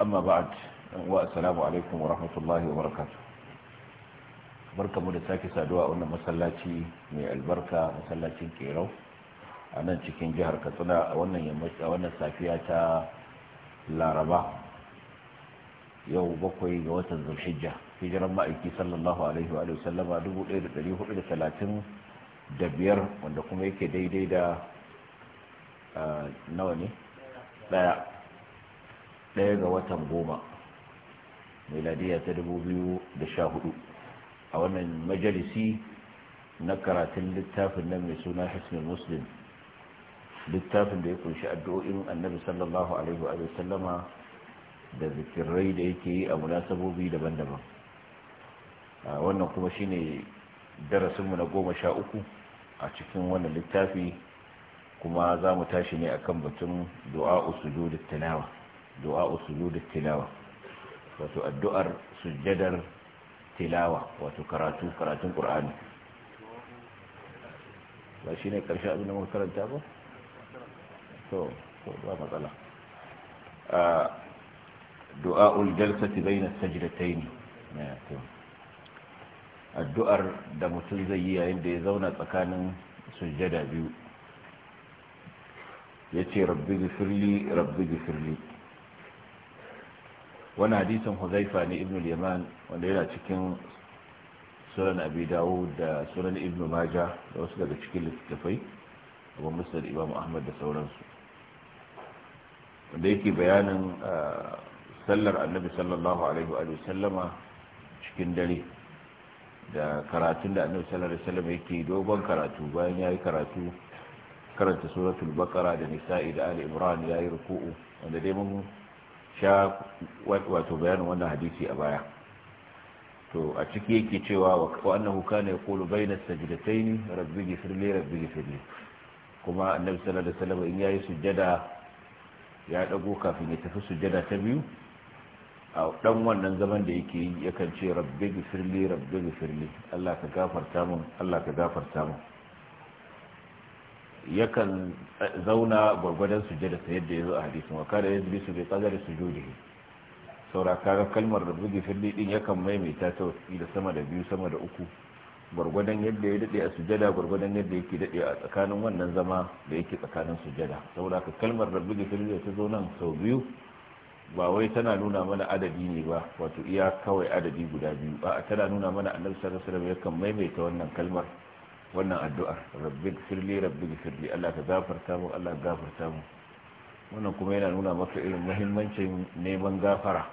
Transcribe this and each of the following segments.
amma ba'ad wa assalamu alaikum wa rahmatullahi wa barakatuh barkamu da sake saduwa a wannan masallaci mai albarka masallacin kerau a nan cikin jihar katsina a wannan yammaci a wannan safiya ta laraba yau bakwai ga watan zulhijja hijiran ma'aiki sallallahu alaihi wa sallama 1435 wanda kuma yake daidai da nawa ne daya ɗaya ga watan goma miladiya ta dubu biyu da sha hudu, a wannan majalisi na karatun littafin nan mai suna hisnul muslim littafin da ya kunshi addu'o'in annabi sallallahu alaihi wa sallama da zikirrai da yake yi a munasabobi daban-daban wannan kuma shine darasinmu na goma sha uku a cikin wannan littafi kuma za mu tashi ne akan batun du'a usujudit tilawa du'a usuludu tilawa wato addu'ar sujjadar tilawa wato karatu karatun qur'ani ba shine karshe abin da muka karanta ba to to ba matsala a du'a al-jalsati bayna as-sajdatayn addu'ar da mutum zai yi yayin da ya zauna tsakanin sujjada biyu yace rabbi gifirli rabbi gifirli wani hadisan huzaifa ne ibn liman wanda yana cikin sunan abi dawud da sunan ibn maja da wasu daga cikin littattafai abu musul imam ahmad da sauransu wanda yake bayanin ah, sallar annabi sallallahu alaihi wa sallama cikin dare da karatun da annabi sallallahu alaihi wa sallama yake dogon karatu bayan ya yi karatu karanta suratul bakara da nisa'i da ali imran ya yi ruku'u wanda dai mun sha wato bayanin wannan hadisi a baya to a ciki yake cewa wa annahu kana yaqulu bayna sajdatayn rabbi ghfirli rabbi ghfirli kuma annabi sallallahu alaihi wasallam in yayi sujjada ya dago kafin ya tafi sujjada ta biyu a dan wannan zaman da yake yi yakan ce rabbi ghfirli rabbi ghfirli Allah ka gafarta mun Allah ka gafarta mun yakan zauna gwargwadon sujjada ta yadda ya zo a hadisun wa kada ya zubi su bai da sujudihi saura kaga kalmar da bugi firli din yakan maimaita ta wasu da sama da biyu sama da uku gwargwadon yadda ya dade a sujjada gwargwadon yadda yake dade a tsakanin wannan zama da yake tsakanin sujjada saura ka kalmar da bugi firli ta zo nan sau biyu ba wai tana nuna mana adadi ne ba wato iya kawai adadi guda biyu ba tana nuna mana annabi sallallahu alaihi wasallam yakan maimaita wannan kalmar wannan addu'ar rabbi firli rabbi firli Allah ka gafarta mu Allah ka gafarta mu wannan kuma yana nuna maka irin muhimmancin neman gafara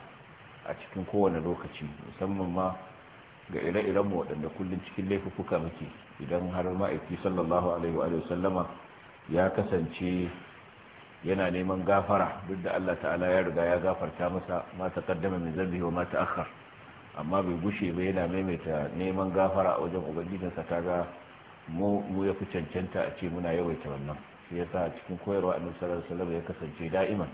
a cikin kowane lokaci musamman ma ga ire-iren mu waɗanda kullum cikin laifuka muke idan har ma'aiki sallallahu alaihi wa sallama ya kasance yana neman gafara duk da Allah ta'ala ya riga ya gafarta masa ma kaddama min zambihi wa ma amma bai gushe ba yana maimaita neman gafara a wajen ubangijinsa kaga mu ya fi cancanta a ce muna yawaita wannan shi yasa cikin koyarwa a nusarar salama ya kasance da'iman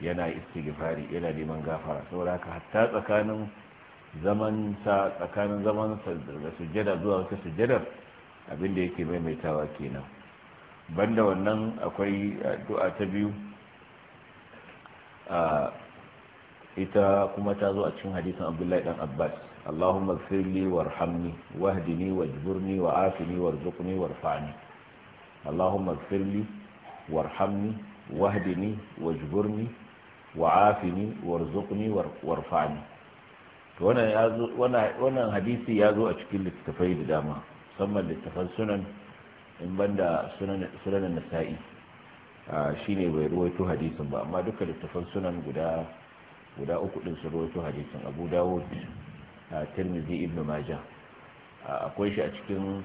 yana gifari yana neman gafara saboda haka hatta tsakanin zaman sa tsakanin zaman sa da sujjada zuwa wata sujjada abin da yake maimaitawa kenan banda wannan akwai addu'a ta biyu ita kuma ta zo a cikin hadisin abdullahi dan abbas allahumma firli warhamni wahdini wajburni wa'afini warzuqni warfa'ni allahumma firli warhamni wahdini wajburni wa'afini warzuqni warfa'ni to wannan ya zo wannan hadisi ya zo a cikin littafai da dama musamman littafan sunan in banda sunan sunan nasa'i ah, shine bai ruwaito hadisin ba amma duka littafan sunan guda guda uku din su rawaito hadisin abu dawud a tirmidhi ibn majah akwai shi a cikin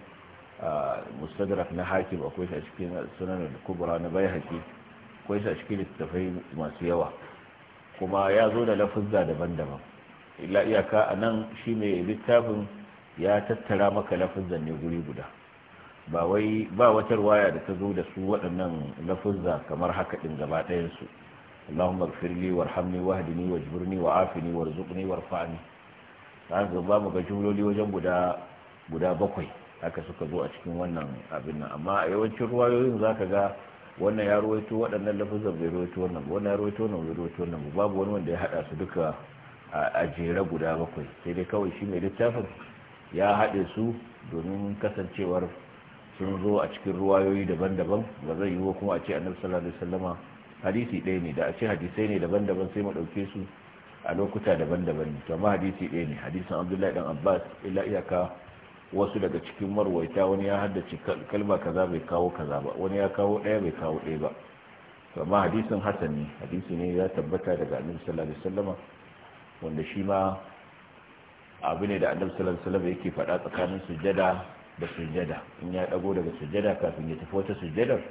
mustadrak na hakim akwai shi a cikin sunan kubra na bayhaqi akwai shi a cikin littafai masu yawa kuma ya zo da lafuzza daban-daban illa iyaka anan shi ne littafin ya tattara maka lafuzzan ne guri guda ba wai ba wata ruwaya da ta zo da su waɗannan lafuzza kamar haka ɗin gaba ɗayansu اللهم اغفر لي وارحمني واهدني واجبرني وعافني وارزقني وارفعني haka ba mu ga jumloli wajen guda guda bakwai haka suka zo a cikin wannan abin nan amma a yawancin ruwayoyin zaka ga wannan ya ruwaito waɗannan lafazan bai ruwaito wannan ba wannan ya ruwaito wannan bai ruwaito wannan ba babu wani wanda ya hada su duka a jere guda bakwai sai dai kawai shi mai littafin ya haɗe su domin kasancewar sun zo a cikin ruwayoyi daban-daban ba zai yiwu kuma a ce annabi sallallahu alaihi wasallama hadisi ɗaya ne da a ce hadisai ne daban-daban sai mu ɗauke su a lokuta daban-daban ne amma hadisi ɗaya ne hadisan abdullahi dan abbas illa iyaka wasu daga cikin marwaita wani ya haddace kalma kaza bai kawo kaza ba wani ya kawo ɗaya bai kawo ɗaya ba amma hadisin hasan ne hadisi ne ya tabbata daga annabi sallallahu alaihi wasallama wanda shi ma abu ne da annabi sallallahu alaihi wasallama yake faɗa tsakanin sujjada da sujjada in ya ɗago daga sujjada kafin ya tafi wata sujjadar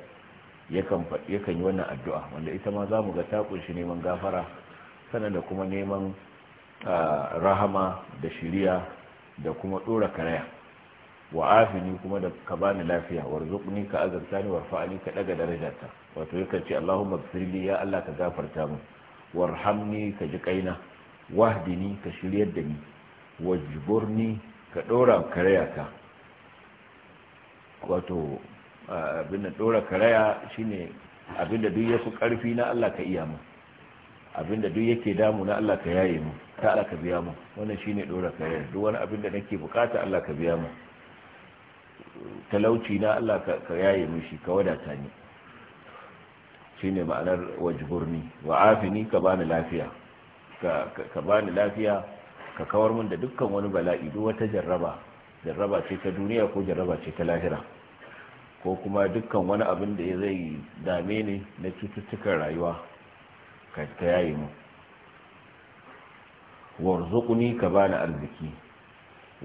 yakan yi wannan addu'a wanda ita ma za mu ga ta kunshi neman gafara sannan da kuma neman rahama da shiriya da kuma ɗora karaya wa afini kuma da ka bani lafiya warzuqni ka azarta ni warfa'ni ka daga darajata wato yakan ce Allahumma ighfirli ya Allah ka gafarta min warhamni ka ji kaina wahdini ka shiryar da ni wajburni ka dora ka wato abin da dora karaya shine abin da duk yake karfi na Allah ka iya mu abin da duk yake damu na Allah ka yaye mu ta Allah ka biya mu wannan shine dora karaya duk wani abin da nake bukata Allah ka biya mu talauci na Allah ka yaye mu shi ka wadata ni shine ma'anar wajburni wa afini ka bani lafiya ka bani lafiya ka kawar min da dukkan wani bala'i duk wata jarraba jarraba ce ta duniya ko jarraba ce ta lahira ko kuma dukkan wani abin da ya zai dame ni na cututtukan rayuwa ka ta yayi mu warzuqni ka bani arziki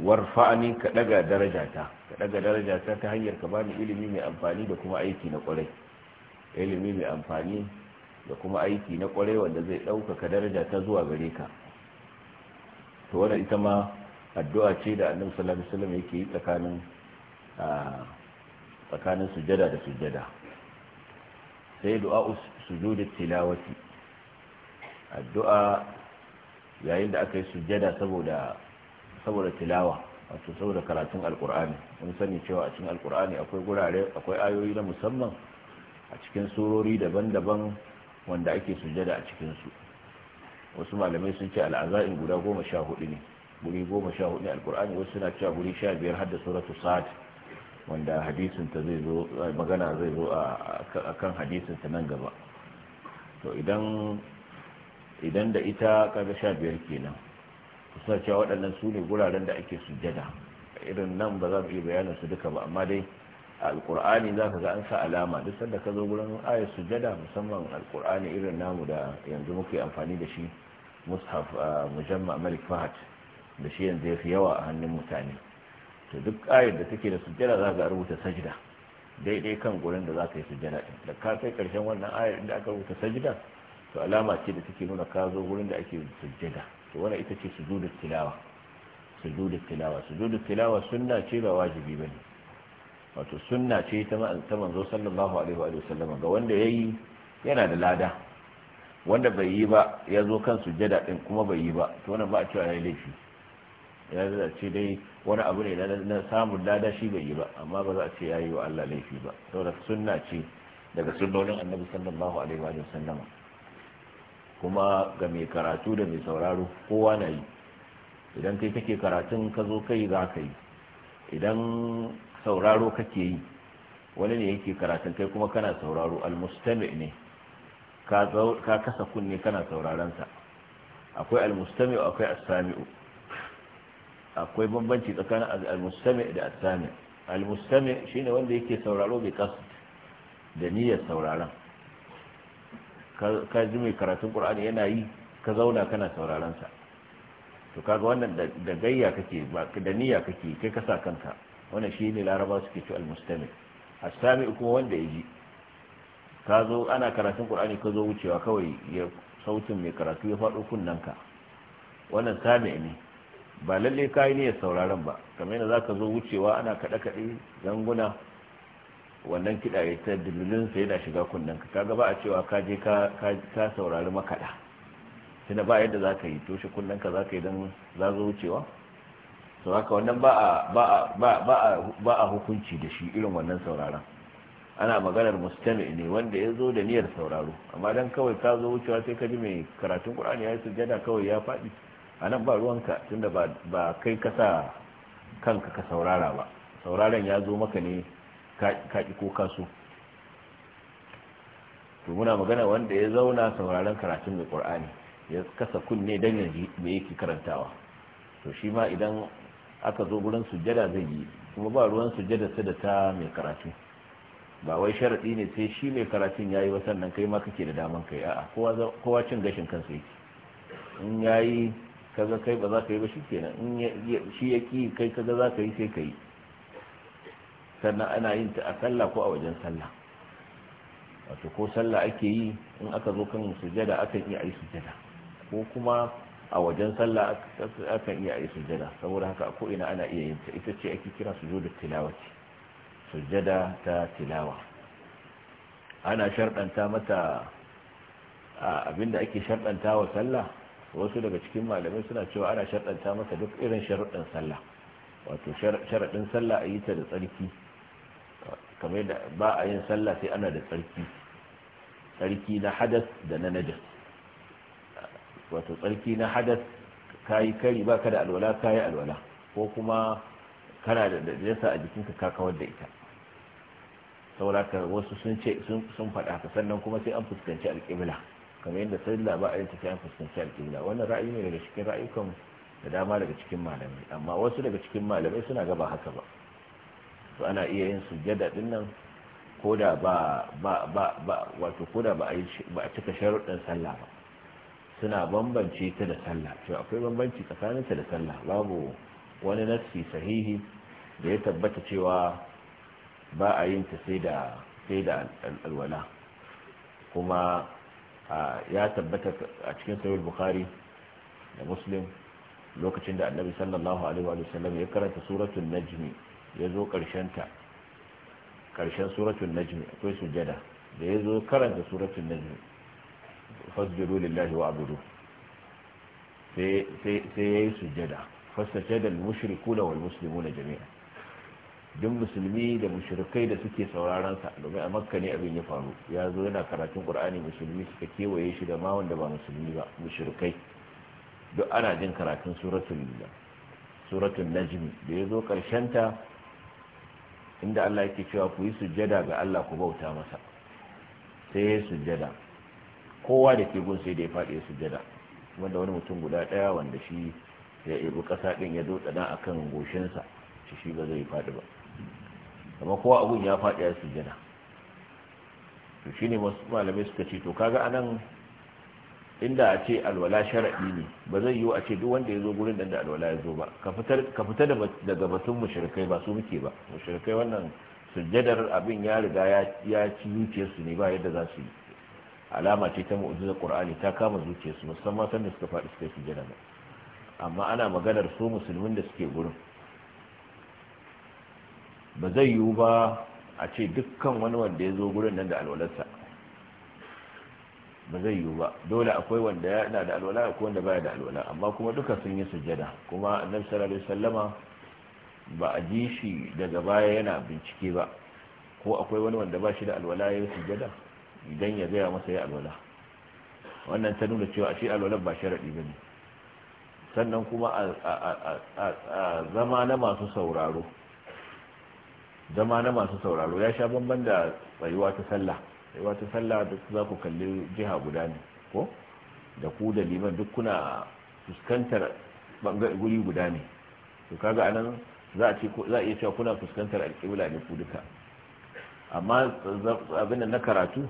warfa'ni ka daga darajata ka daga darajata ta hanyar ka bani ilimi mai amfani da kuma aiki na kwarai ilimi mai amfani da kuma aiki na kwarai wanda zai ɗaukaka darajata zuwa gare ka to wannan ita ma addu'a ce da annabi sallallahu alaihi wasallam yake yi tsakanin ah, tsakanin sujada da sujada sai du'a sujudi tilawati addu'a yayin da aka yi sujada saboda saboda tilawa wato saboda karatun alkur'ani mun sani cewa a cikin alkur'ani akwai gurare akwai ayoyi na musamman a cikin surori daban-daban wanda ake sujada a cikin su wasu malamai sun ce al'aza'in guda goma sha hudu ne guri goma sha hudu ne alkur'ani wasu suna cewa guri sha biyar har da suratu sa'ad wanda hadisinta zai zo eh, magana zai zo a kan hadisinta nan gaba to idan da ita kaga sha biyar kenan kusa cewa waɗannan su ne guraren da ake sujada irin nan ba za mu iya bayanin su duka ba amma dai alkur'ani za ka ga an sa alama duk sanda ka zo gurin aya sujada musamman alkur'ani irin namu da yanzu muke amfani da shi mushaf eh, mujamma malik fahad da shi yanzu ya fi yawa a hannun mutane to duk ayar da take da sujjada za ka rubuta sajda daidai kan gurin da za ka yi sujjada din da ka kai karshen wannan ayar inda aka rubuta sajda to alama ce da take nuna ka zo gurin da ake sujjada to wannan ita ce sujudu tilawa sujudu tilawa sujudu tilawa sunna ce ba wajibi bane wato sunna ce ta manzo sallallahu alaihi wa sallam ga wanda yayi yana da lada wanda bai yi ba ya zo kan sujjada din kuma bai yi ba to wannan ba a cewa yayi laifi ya zai ce dai wani abu ne na samun lada shi bai yi ba amma ba za a ce ya yi wa Allah laifi ba saboda sunna ce daga sunnonin annabi sallallahu alaihi wa sallama kuma ga mai karatu da mai sauraro kowa na yi idan kai kake karatun ka zo kai za ka yi idan sauraro kake yi wani ne yake karatun kai kuma kana sauraro almustami ne ka kasa kunne kana sauraron sa akwai almustami akwai as-sami'u akwai bambanci tsakanin al-mustami da al-sami al-mustami shine wanda yake sauraro bi kasu da niyyar sauraron ka ji mai karatun qur'ani yana yi ka zauna kana sauraron sa to kaga wannan da gayya kake ba da niyya kake kai ka sa kanka wannan shine laraba suke ci al-mustami al-sami kuma wanda ya ji ka zo ana karatun qur'ani ka zo wucewa kawai ya sautin mai karatu ya faɗo kunnanka wannan sami ne ba lalle ka yi niyyar sauraron ba kamar yadda zaka zo wucewa ana kaɗe kaɗe zanguna wannan kiɗa ya ta dululun sai yana shiga kunnen ka kaga ba a cewa ka je ka saurari makaɗa tunda ba yadda zaka yi toshe kunnen ka zaka yi dan zazo wucewa sau haka wannan ba a hukunci da shi irin wannan sauraron ana maganar mustami ne wanda ya zo da niyyar sauraro amma don kawai ka zo wucewa sai ka ji mai karatun ƙur'ani ya yi sujjada kawai ya faɗi a nan ba ruwanka tunda ba kai kasa kanka ka saurara ba sauraron ya zo maka ne kaƙi ko kaso to muna magana wanda ya zauna sauraron karatun mai ƙur'ani ya kasa kunne don ya mai yake karantawa to shi ma idan aka zo gurin sujada zai yi kuma ba ruwan sujjada ta da ta mai karatu ba wai sharaɗi ne sai shi mai karatun ya yi wasannan kai ma kake da daman kai a kowa cin gashin kansa yake in ya yi kaga kai ba za ka yi ba shi kenan in shi ya ki kai kaga za ka yi sai ka yi sannan ana yin ta a sallah ko a wajen sallah wato ko sallah ake yi in aka zo kan sujada akan iya yi sujada ko kuma a wajen sallah akan iya yi sujada saboda haka a ko'ina ana iya yin ta ita ce ake kira sujudar tilawa ce sujada ta tilawa ana sharɗanta mata abinda ake sharɗanta wa sallah wasu daga cikin malamai suna cewa ana sharɗanta masa duk irin sharuɗin sallah wato sharaɗin sallah a yi ta da tsarki kamar da ba a yin sallah sai ana da tsarki tsarki na hadas da na najas wato tsarki na hadas ka yi kari ba ka da alwala ka yi alwala ko kuma kana da najasa a jikinka ka kawar da ita saboda wasu sun ce sun faɗa sannan kuma sai an fuskanci alƙibla kamar yadda sallah ba a yin tafiya fuskanci alƙibla wannan ra'ayi ne daga cikin ra'ayukan da dama daga cikin malamai amma wasu daga cikin malamai suna gaba haka ba to ana iya yin sujjada din nan ko da ba ba ba wato ko ba a cika sharuɗin sallah ba suna bambance ta da sallah to akwai bambanci tsakanin ta da sallah babu wani nassi sahihi da ya tabbata cewa ba a yin ta sai da sai da alwala kuma ya tabbata a cikin sahih bukhari da muslim lokacin da annabi sallallahu alaihi wa sallam ya karanta suratul najmi ya zo karshen ta karshen suratul najmi akwai sujada da ya zo karanta suratul najmi fasjudu lillahi wa abudu sai sai yayi sujada fasajada al-mushrikuna wal muslimuna jami'a duk musulmi da mushrikai da suke sauraron sa domin a makka ne abin ya faru ya zo yana karatun qur'ani musulmi suka kewaye shi da ma wanda ba musulmi ba mushrikai duk ana jin karatun suratul suratul najm da ya zo karshen ta inda Allah yake cewa ku yi sujjada ga Allah ku bauta masa sai ya sujjada kowa da ke gun sai da ya faɗi ya kuma wanda wani mutum guda ɗaya wanda shi ya ibu ƙasa ɗin ya zo tsada kan goshinsa shi shi ba zai faɗi ba amma kowa abun ya faɗi ya sujjada to shine malamai suka ce to kaga anan inda a ce alwala sharaɗi ne ba zai yiwu a ce duk wanda ya zo gurin da alwala ya zo ba ka fita daga batun mushrikai ba su muke ba mushrikai wannan sujjadar abin ya riga ya ci zuciyarsu ne ba yadda za su yi alama ce ta mu'jizar qur'ani ta kama zuciyarsu musamman da suka faɗi suka yi sujjada ba amma ana maganar su musulmin da suke gurin ba zai yiwu ba a ce dukkan wani wanda ya zo gurin nan da alwalarsa ba zai yiwu ba dole akwai wanda na da alwala akwai wanda baya da alwala amma kuma duka sun yi sujjada kuma annabi sallallahu alaihi wasallama ba a ji shi daga baya yana bincike ba ko akwai wani wanda ba shi da alwala ya yi sujjada idan ya gaya masa ya alwala wannan ta nuna cewa shi alwala ba ba ne sannan kuma a zama na masu sauraro zama na masu sauraro ya sha banban da tsayuwa ta sallah tsayuwa ta sallah duk za ku kalli jiha guda ne ko da ku da liman duk kuna fuskantar guri guda ne to kaga anan za a ce za a iya cewa kuna fuskantar alƙibla ne ku duka amma abin da na karatu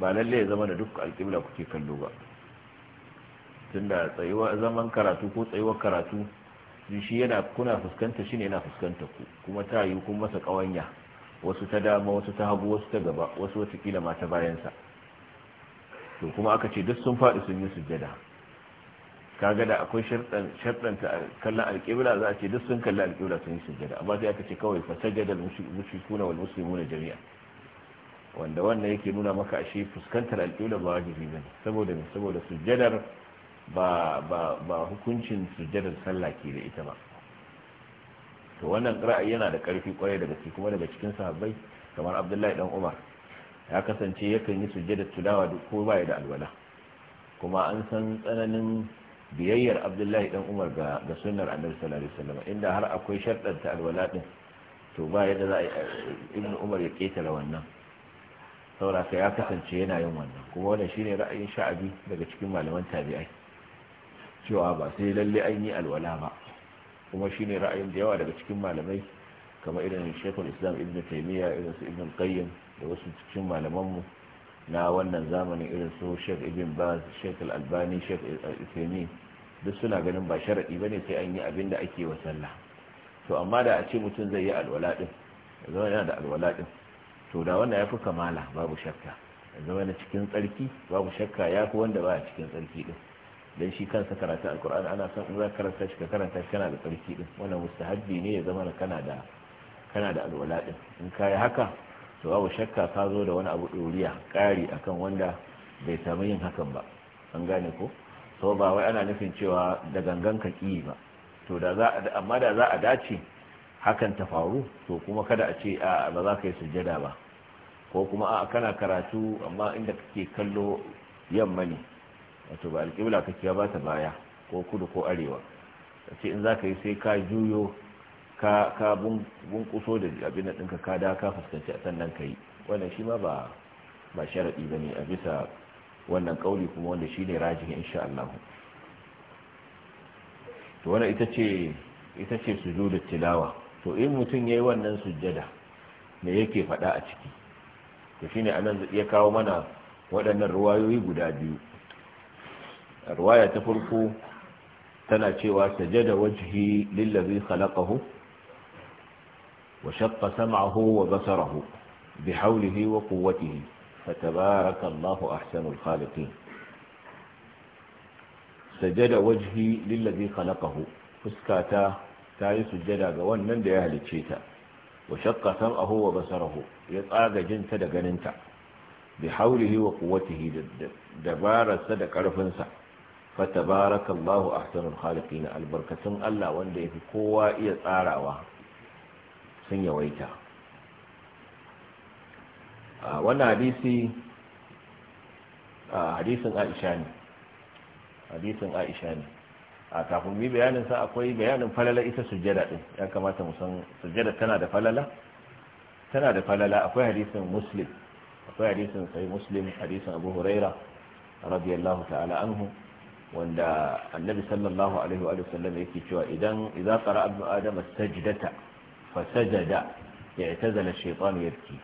ba lalle ya zama da duk alƙibla kuke kallo ba tunda tsayuwa zaman karatu ko tsayuwar karatu shi yana kuna fuskanta shi ne yana fuskanta ku kuma ta yi kuma masa kawanya wasu ta dama wasu ta hagu wasu ta gaba wasu watakila ma ta bayansa to kuma aka ce duk sun faɗi sun yi sujjada kaga da akwai ta kallon alƙibla za a ce duk sun kalli alƙibla sun yi sujjada amma sai aka ce kawai fa sajjada mushrikuna wal muslimuna jami'a wanda wannan yake nuna maka ashe fuskantar alƙibla ba wajibi bane saboda saboda sujjadar ba ba ba hukuncin sujjadar sallah ke da ita ba to wannan ra'ayi yana da ƙarfi kwarai da gaske kuma daga cikin sahabbai kamar Abdullahi dan Umar ya kasance yakan yi sujjadar tilawa duk ko ba da alwala kuma an san tsananin biyayyar Abdullahi dan Umar ga ga sunnar Annabi sallallahu alaihi wasallam inda har akwai sharɗar ta alwala din to ba yadda za Ibn Umar ya ketare wannan saboda ya kasance yana yin wannan kuma wannan shine ra'ayin sha'abi daga cikin malaman tabi'ai cewa ba sai lalle an yi alwala ba kuma shine ra'ayin da yawa daga cikin malamai kamar irin shekul islam ibn taimiyya irin su ibn qayyim da wasu cikin malamanmu na wannan zamanin irin su shek ibn baz shek albani shek al duk suna ganin ba ba ne sai an yi abin da ake wa sallah to amma da a ce mutum zai yi alwala din zama yana da alwala ɗin to da wannan yafi kamala babu shakka zama na cikin tsarki babu shakka yafi wanda ba a cikin tsarki ɗin. dan shi kansa karatu alkur'ani ana son in za ka karanta shi ka karanta shi kana da tsarki din wannan mustahabbi ne ya zama kana da kana da alwala din in kai haka to babu shakka ka zo da wani abu doriya kari akan wanda bai samu yin hakan ba an gane ko to ba wai ana nufin cewa da gangan ka ki ba to da za amma da za a dace hakan ta faru to kuma kada a ce a ba za ka yi sujjada ba ko kuma a kana karatu amma inda kake kallo yamma ne wato ba alƙibla kake ba ta baya ko kudu ko arewa a ce in za ka yi sai ka juyo ka ka bunkuso da abin da ɗinka ka da ka fuskanci sannan ka yi wannan shi ma ba ba sharaɗi ba ne a bisa wannan ƙauli kuma wanda shi ne rajin insha Allah to wannan ita ce ita ce da tilawa to in mutum yayi wannan sujjada me yake faɗa a ciki to shine anan ya kawo mana waɗannan ruwayoyi guda biyu riwaya ta farko tana cewa sajada wajhi lillazi khalaqahu wa shaqqa sam'ahu wa basarahu bihawlihi wa quwwatihi fatabaraka Allahu ahsanul khaliqin sajada wajhi lillazi khalaqahu fuskata ta yi sujjada ga wannan da ya halicce ta wa shaqqa sam'ahu wa basarahu ya tsaga jinta da ganinta bi haulihi wa quwwatihi da dabararsa da karfinsa fatabarakallahu ahsanul khaliqin albarkatun Allah wanda yafi kowa iya tsarawa sun yawaita a wannan hadisi a hadisin Aisha ne hadisin Aisha ne a kafin mi bayanin sa akwai bayanin falala ita sujjada din ya kamata mu san sujjada tana da falala tana da falala akwai hadisin Muslim akwai hadisin sai Muslim hadisin Abu Huraira radiyallahu ta'ala anhu wanda annabi sallallahu alaihi wa sallam yake cewa idan idza qara abu adam sajdata fa sajada ya tazala shaytan yabki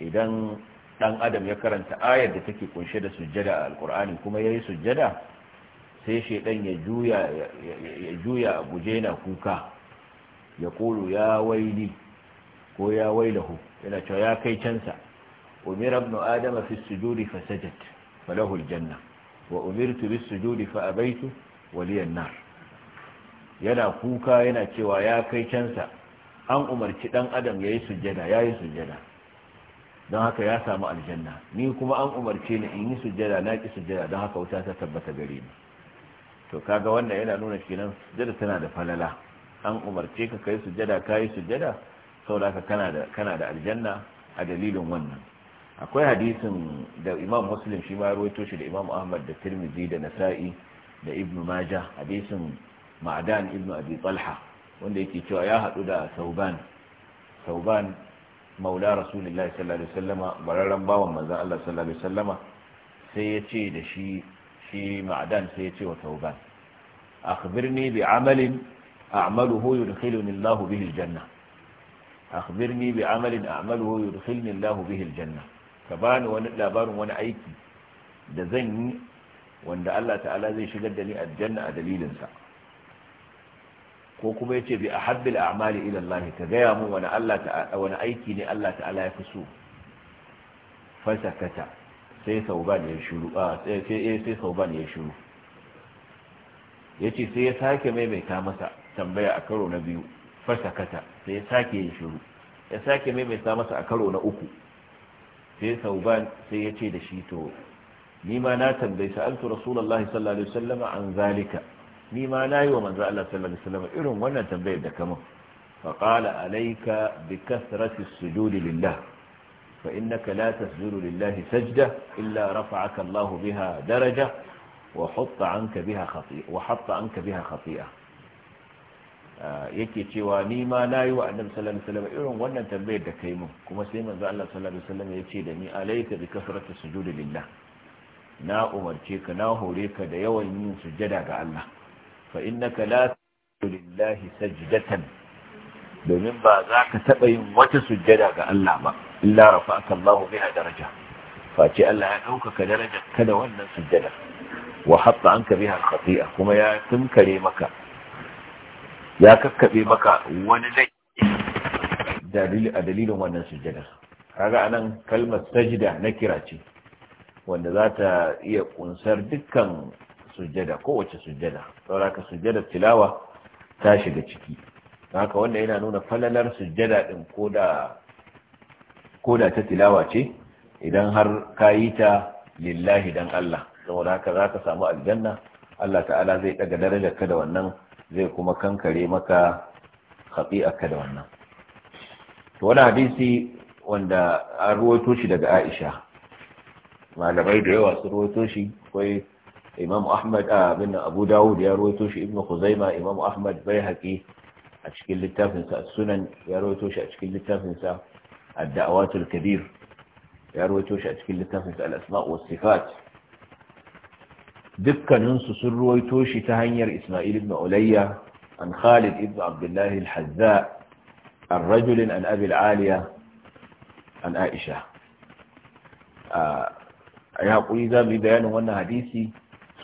idan dan adam ya karanta ayar da take kunshe da sujjada a alqur'ani kuma yayi sujjada sai shaytan ya juya ya juya guje na kuka ya kulu ya waili ko ya wailahu yana cewa ya kai cansa umira ibn adam fi sujudi fa sajada falahu aljanna wa umirtu bis sujudi fa abaitu waliyan nar yana kuka yana cewa ya kai cansa an umarci dan adam yayi sujada yayi sujada. don haka ya samu aljanna ni kuma an umarce ni in yi sujjada na ki sujjada don haka wuta ta tabbata gare ni to kaga wannan yana nuna kenan sujjada tana da falala an umarce ka kai sujada, kai sujjada saboda kana da kana da aljanna a dalilin wannan akwai hadisin da imam muslim shi ma ruwaito shi da imam ahmad da tirmidhi da nasa'i da ibnu majah hadisin ma'adan ibnu abi talha wanda yake cewa ya hadu da sauban sauban maula rasulullahi sallallahu alaihi wasallama bararran bawan manzon Allah sallallahu alaihi wasallama sai ya ce da shi shi ma'adan sai ya ce wa sauban akhbirni bi amalin a'maluhu yudkhiluni Allah bihi aljanna akhbirni bi amalin a'maluhu yudkhilni Allah bihi aljanna ka bani wani labarin wani aiki da zan yi wanda Allah ta'ala zai shigar da ni aljanna a dalilinsa ko kuma yace bi ahabbil a'mali ila Allah ka gaya mun wani Allah ta'ala wani aiki ne Allah ta'ala ya fi so fasakata sai sauban ya shiru a sai sai eh, sauban ya shiru yace sai ya sake maimaita masa tambaya a karo na biyu fasakata sai ya sake ya shiru ya sake maimaita masa a karo na uku sai sauban sai ya ce da shi to ni ma na tambayi sa'altu rasulullahi sallallahu alaihi wasallam an zalika ni ma na yi wa manzo Allah sallallahu alaihi wasallam irin wannan tambayar da kamar fa qala alayka bi kasrati sujudi lillah fa innaka la tasjudu lillahi sajda illa rafa'aka Allah biha daraja wa hatta anka biha khati'a wa hatta anka biha khati'a yake cewa ni ma na yi wa annabi sallallahu alaihi wasallam irin wannan tambayar da kai mun kuma sai manzo Allah sallallahu alaihi wasallam ya ce da ni alayka bi kasrati sujudi lillah na umarce ka na hore ka da yawan yin sujada ga Allah fa innaka la lillahi sajdatan domin ba za ka taba yin wata sujada ga Allah ba illa rafa'aka Allah biha daraja face Allah ya dauka ka daraja kada wannan sujada wa hatta anka biha khatia kuma ya tunkare maka ya kakkaɓe maka wani laifi a dalilin wannan sujjadar kaga anan kalmar sajida na kira ce wanda za ta iya kunsar dukkan sujjada kowace sujjada ka sujjada tilawa ta shiga ciki haka wanda yana nuna falalar sujjada din koda ta tilawa ce idan har ka yi ta lillahi dan Allah saboda haka za ta samu aljanna Allah ta'ala zai ɗaga darajar ka da wannan zai kuma kankare maka aka da wannan wani hadisi wanda an ruwaito shi daga Aisha malamai da yawa sun ruwaito shi akwai Imam Ahmad ah, bin Abu Dawud ya ruwaito shi Ibn Khuzaimah Imam Ahmad Baihaqi a cikin littafinsa Sunan ya ruwaito shi a cikin littafinsa sa daawatul Kabir ya ruwaito shi a cikin littafinsa Al-Asma' was Sifat dukkaninsu sun ruwaito shi ta hanyar Ismail ibn Ulayya an Khalid ibn Abdullahi al-Hazza an rajulin an aliya an Aisha a hakuri za mu yi bayanin wannan hadisi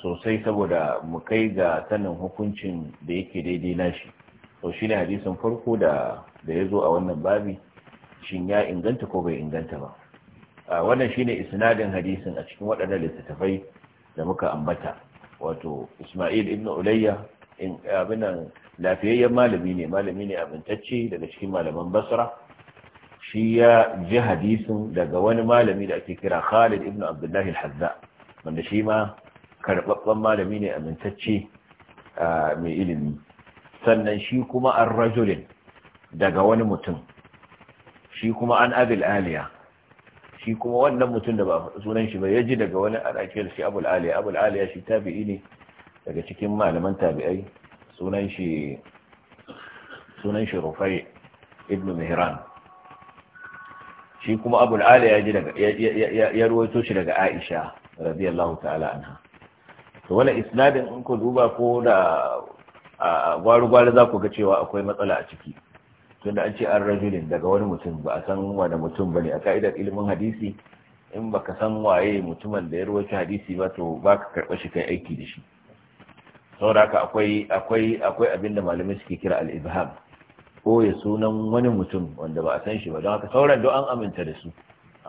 sosai saboda mu kai ga sanin hukuncin da yake daidai nashi shi ne hadisin farko da da zo a wannan babi shin ya inganta ko bai inganta ba wannan shine isnadin hadisin a cikin waɗannan littattafai da muka ambata wato Ismail ibn Ulayya in abinan lafiyayyen malami ne malami ne abintacce daga cikin malaman Basra shi ya ji hadisin daga wani malami da ake kira Khalid ibn Abdullah al-Hazza wanda shi ma karbabban malami ne amintacce mai ilimi sannan shi kuma an rajulin daga wani mutum shi kuma an abil aliya shi kuma wannan mutum da ba sunan shi ba ya ji daga wani ana shi abul aliya abul aliya shi tabi'i ne daga cikin malaman tabi'ai sunan shi sunan shi rufai ibn mihran shi kuma abul aliya ya daga ya ruwaito shi daga aisha radiyallahu ta'ala anha to wani isnadin in ku duba ko da gwaru-gwaru za ku ga cewa akwai matsala a ciki tunda an ce an rajulin daga wani mutum ba a san wani mutum ba ne a ka'idar ilimin hadisi in ba ka san waye mutumin da ya rawaita hadisi ba to ba ka karɓa shi kai aiki da shi saboda haka akwai akwai akwai abin da malamai suke kira al-ibham ko ya sunan wani mutum wanda ba a san shi ba don haka sauran don an aminta da su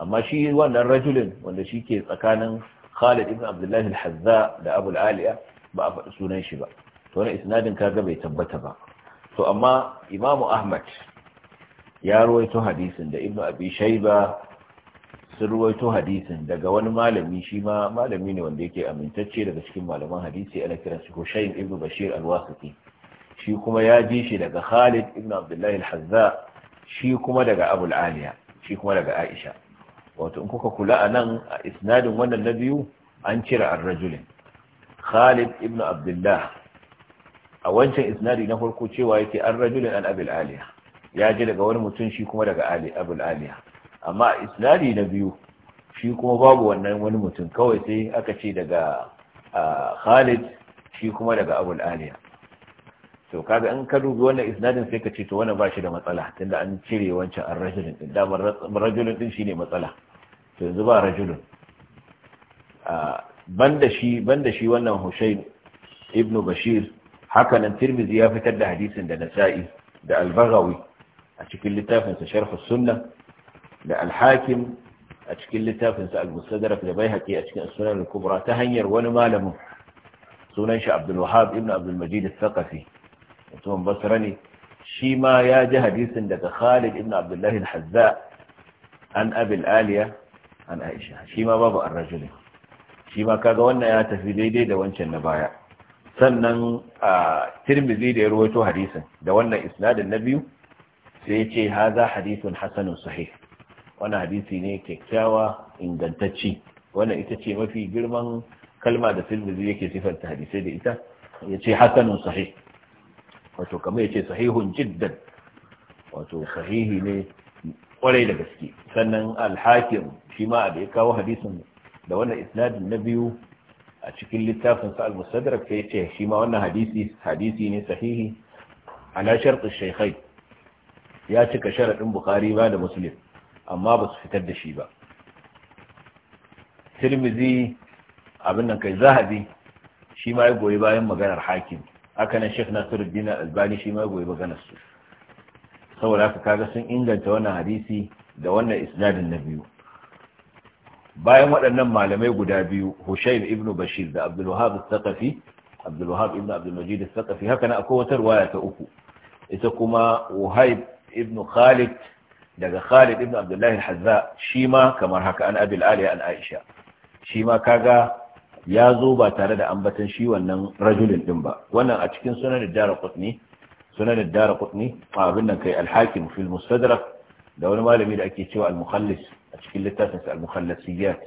amma shi wannan rajulin wanda shi ke tsakanin Khalid ibn Abdullahi al-Hazza da Abu al-Aliya ba a faɗi sunan shi ba to wannan isnadin kaga bai tabbata ba to amma imamu ahmad ya ruwaito hadisin da ibnu abi shayba sun ruwaito hadisin daga wani malami shi ma malami ne wanda yake amintacce daga cikin malaman hadisi ana kiran shi Hushaym Ibnu Bashir al shi kuma ya ji shi daga Khalid Ibnu Abdullahi al shi kuma daga Abu aliya shi kuma daga Aisha wato in kuka kula anan a isnadin wannan na biyu an cire ar-rajulin Khalid Ibnu Abdullah a wancan isnadi na farko cewa yake an rajulin an abil aliya ya ji daga wani mutum shi kuma daga abul aliya amma isnadi na biyu shi kuma babu wannan wani mutum kawai sai aka ce daga khalid shi kuma daga abul aliya to kaga in ka dubi wannan isnadin sai ka ce to wannan bashi da matsala tunda an cire wancan an rajulin din da rajulin din shine matsala to yanzu ba rajulin banda shi banda shi wannan Hushayn ibnu Bashir haka nan tirmizi ya fitar da hadisin da nasa'i da albagawi a cikin littafinsa sharh sunna da alhakim a cikin littafinsa al-mustadrak da baihaqi a cikin sunan al-kubra ta hanyar wani malamin sunan shi abdul wahab ibn abdul majid al-thaqafi mutum basra ne shi ma ya ji hadisin daga khalid ibn abdullah al-hazza an abi aliya an aisha shi ma babu ar-rajul shi ma kaga wannan ya tafi daidai da wancan na baya sannan a tirmizi da ya rawaito hadisin da wannan isnadin na biyu sai ya ce haza hadisun hasanun sahih wannan hadisi ne kyakkyawa ingantacci wannan ita ce mafi girman kalma da tirmizi yake sifanta hadisai da ita ya ce hasanun sahih wato kama ya ce sahihun jiddan wato sahihi ne kwarai da gaske sannan alhakin shi ma da ya kawo hadisin da wannan isnadin na biyu a cikin littafin sa al-mustadrak sai yace shi ma wannan hadisi hadisi ne sahihi ala shart ash-shaykhai ya cika sharadin bukhari ba da muslim amma ba su fitar da shi ba tirmizi abin nan kai zahabi shi ma ya goyi bayan maganar hakim haka nan sheikh nasiruddin albani shi ma ya goyi maganar su saboda haka kaga sun inganta wannan hadisi da wannan isnadin na biyu bayan waɗannan malamai guda biyu Hushayn ibn Bashir da Abdul Wahhab al-Thaqafi Abdul Wahhab ibn Abdul Majid al-Thaqafi haka na akwai wata riwaya ta uku ita kuma Wahib ibn Khalid daga Khalid ibn Abdullah al-Hazza shi ma kamar haka an Abi al an Aisha shi ma kaga ya zo ba tare da ambatan shi wannan rajulin din ba wannan a cikin sunan ad-Darqutni sunan ad-Darqutni abin nan kai al-Hakim fi al-Mustadrak da wani malami da ake cewa al-Mukhallis a cikin littafinsa al-mukhallasiyat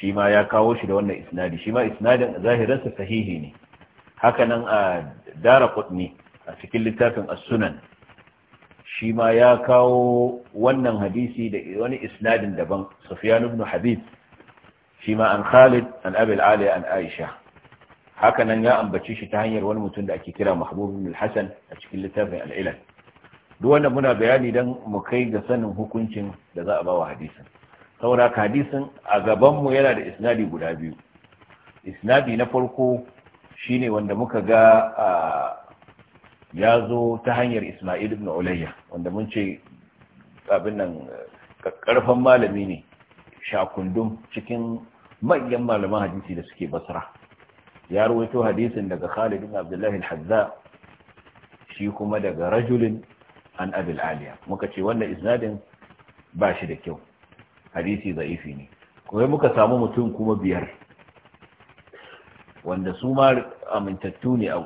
shi ma ya kawo shi da wannan isnadi shi ma isnadin zahirinsa sahihi ne hakanan a dara a cikin littafin as-sunan shi ma ya kawo wannan hadisi da wani isnadin daban sufyan ibn habib shi ma an khalid an abi al-ali an aisha hakanan ya ambaci shi ta hanyar wani mutum da ake kira mahbub ibn al-hasan a cikin littafin al-ilal duk wanda muna bayani don mu kai ga sanin hukuncin da za a ba wa hadisin saboda hadisin a gaban mu yana da isnadi guda biyu isnadi na farko shine wanda muka ga ya zo ta hanyar ismail ibn ulayya wanda mun ce abin nan karfan malami ne shakundum cikin manyan malaman hadisi da suke basra ya rawaito hadisin daga khalid abdullahi al-hazza shi kuma daga rajulin an abil aliya muka ce wannan isnadin ba shi da kyau hadisi za'ifi ne kuma muka samu mutum kuma biyar wanda su ma amintattu ne a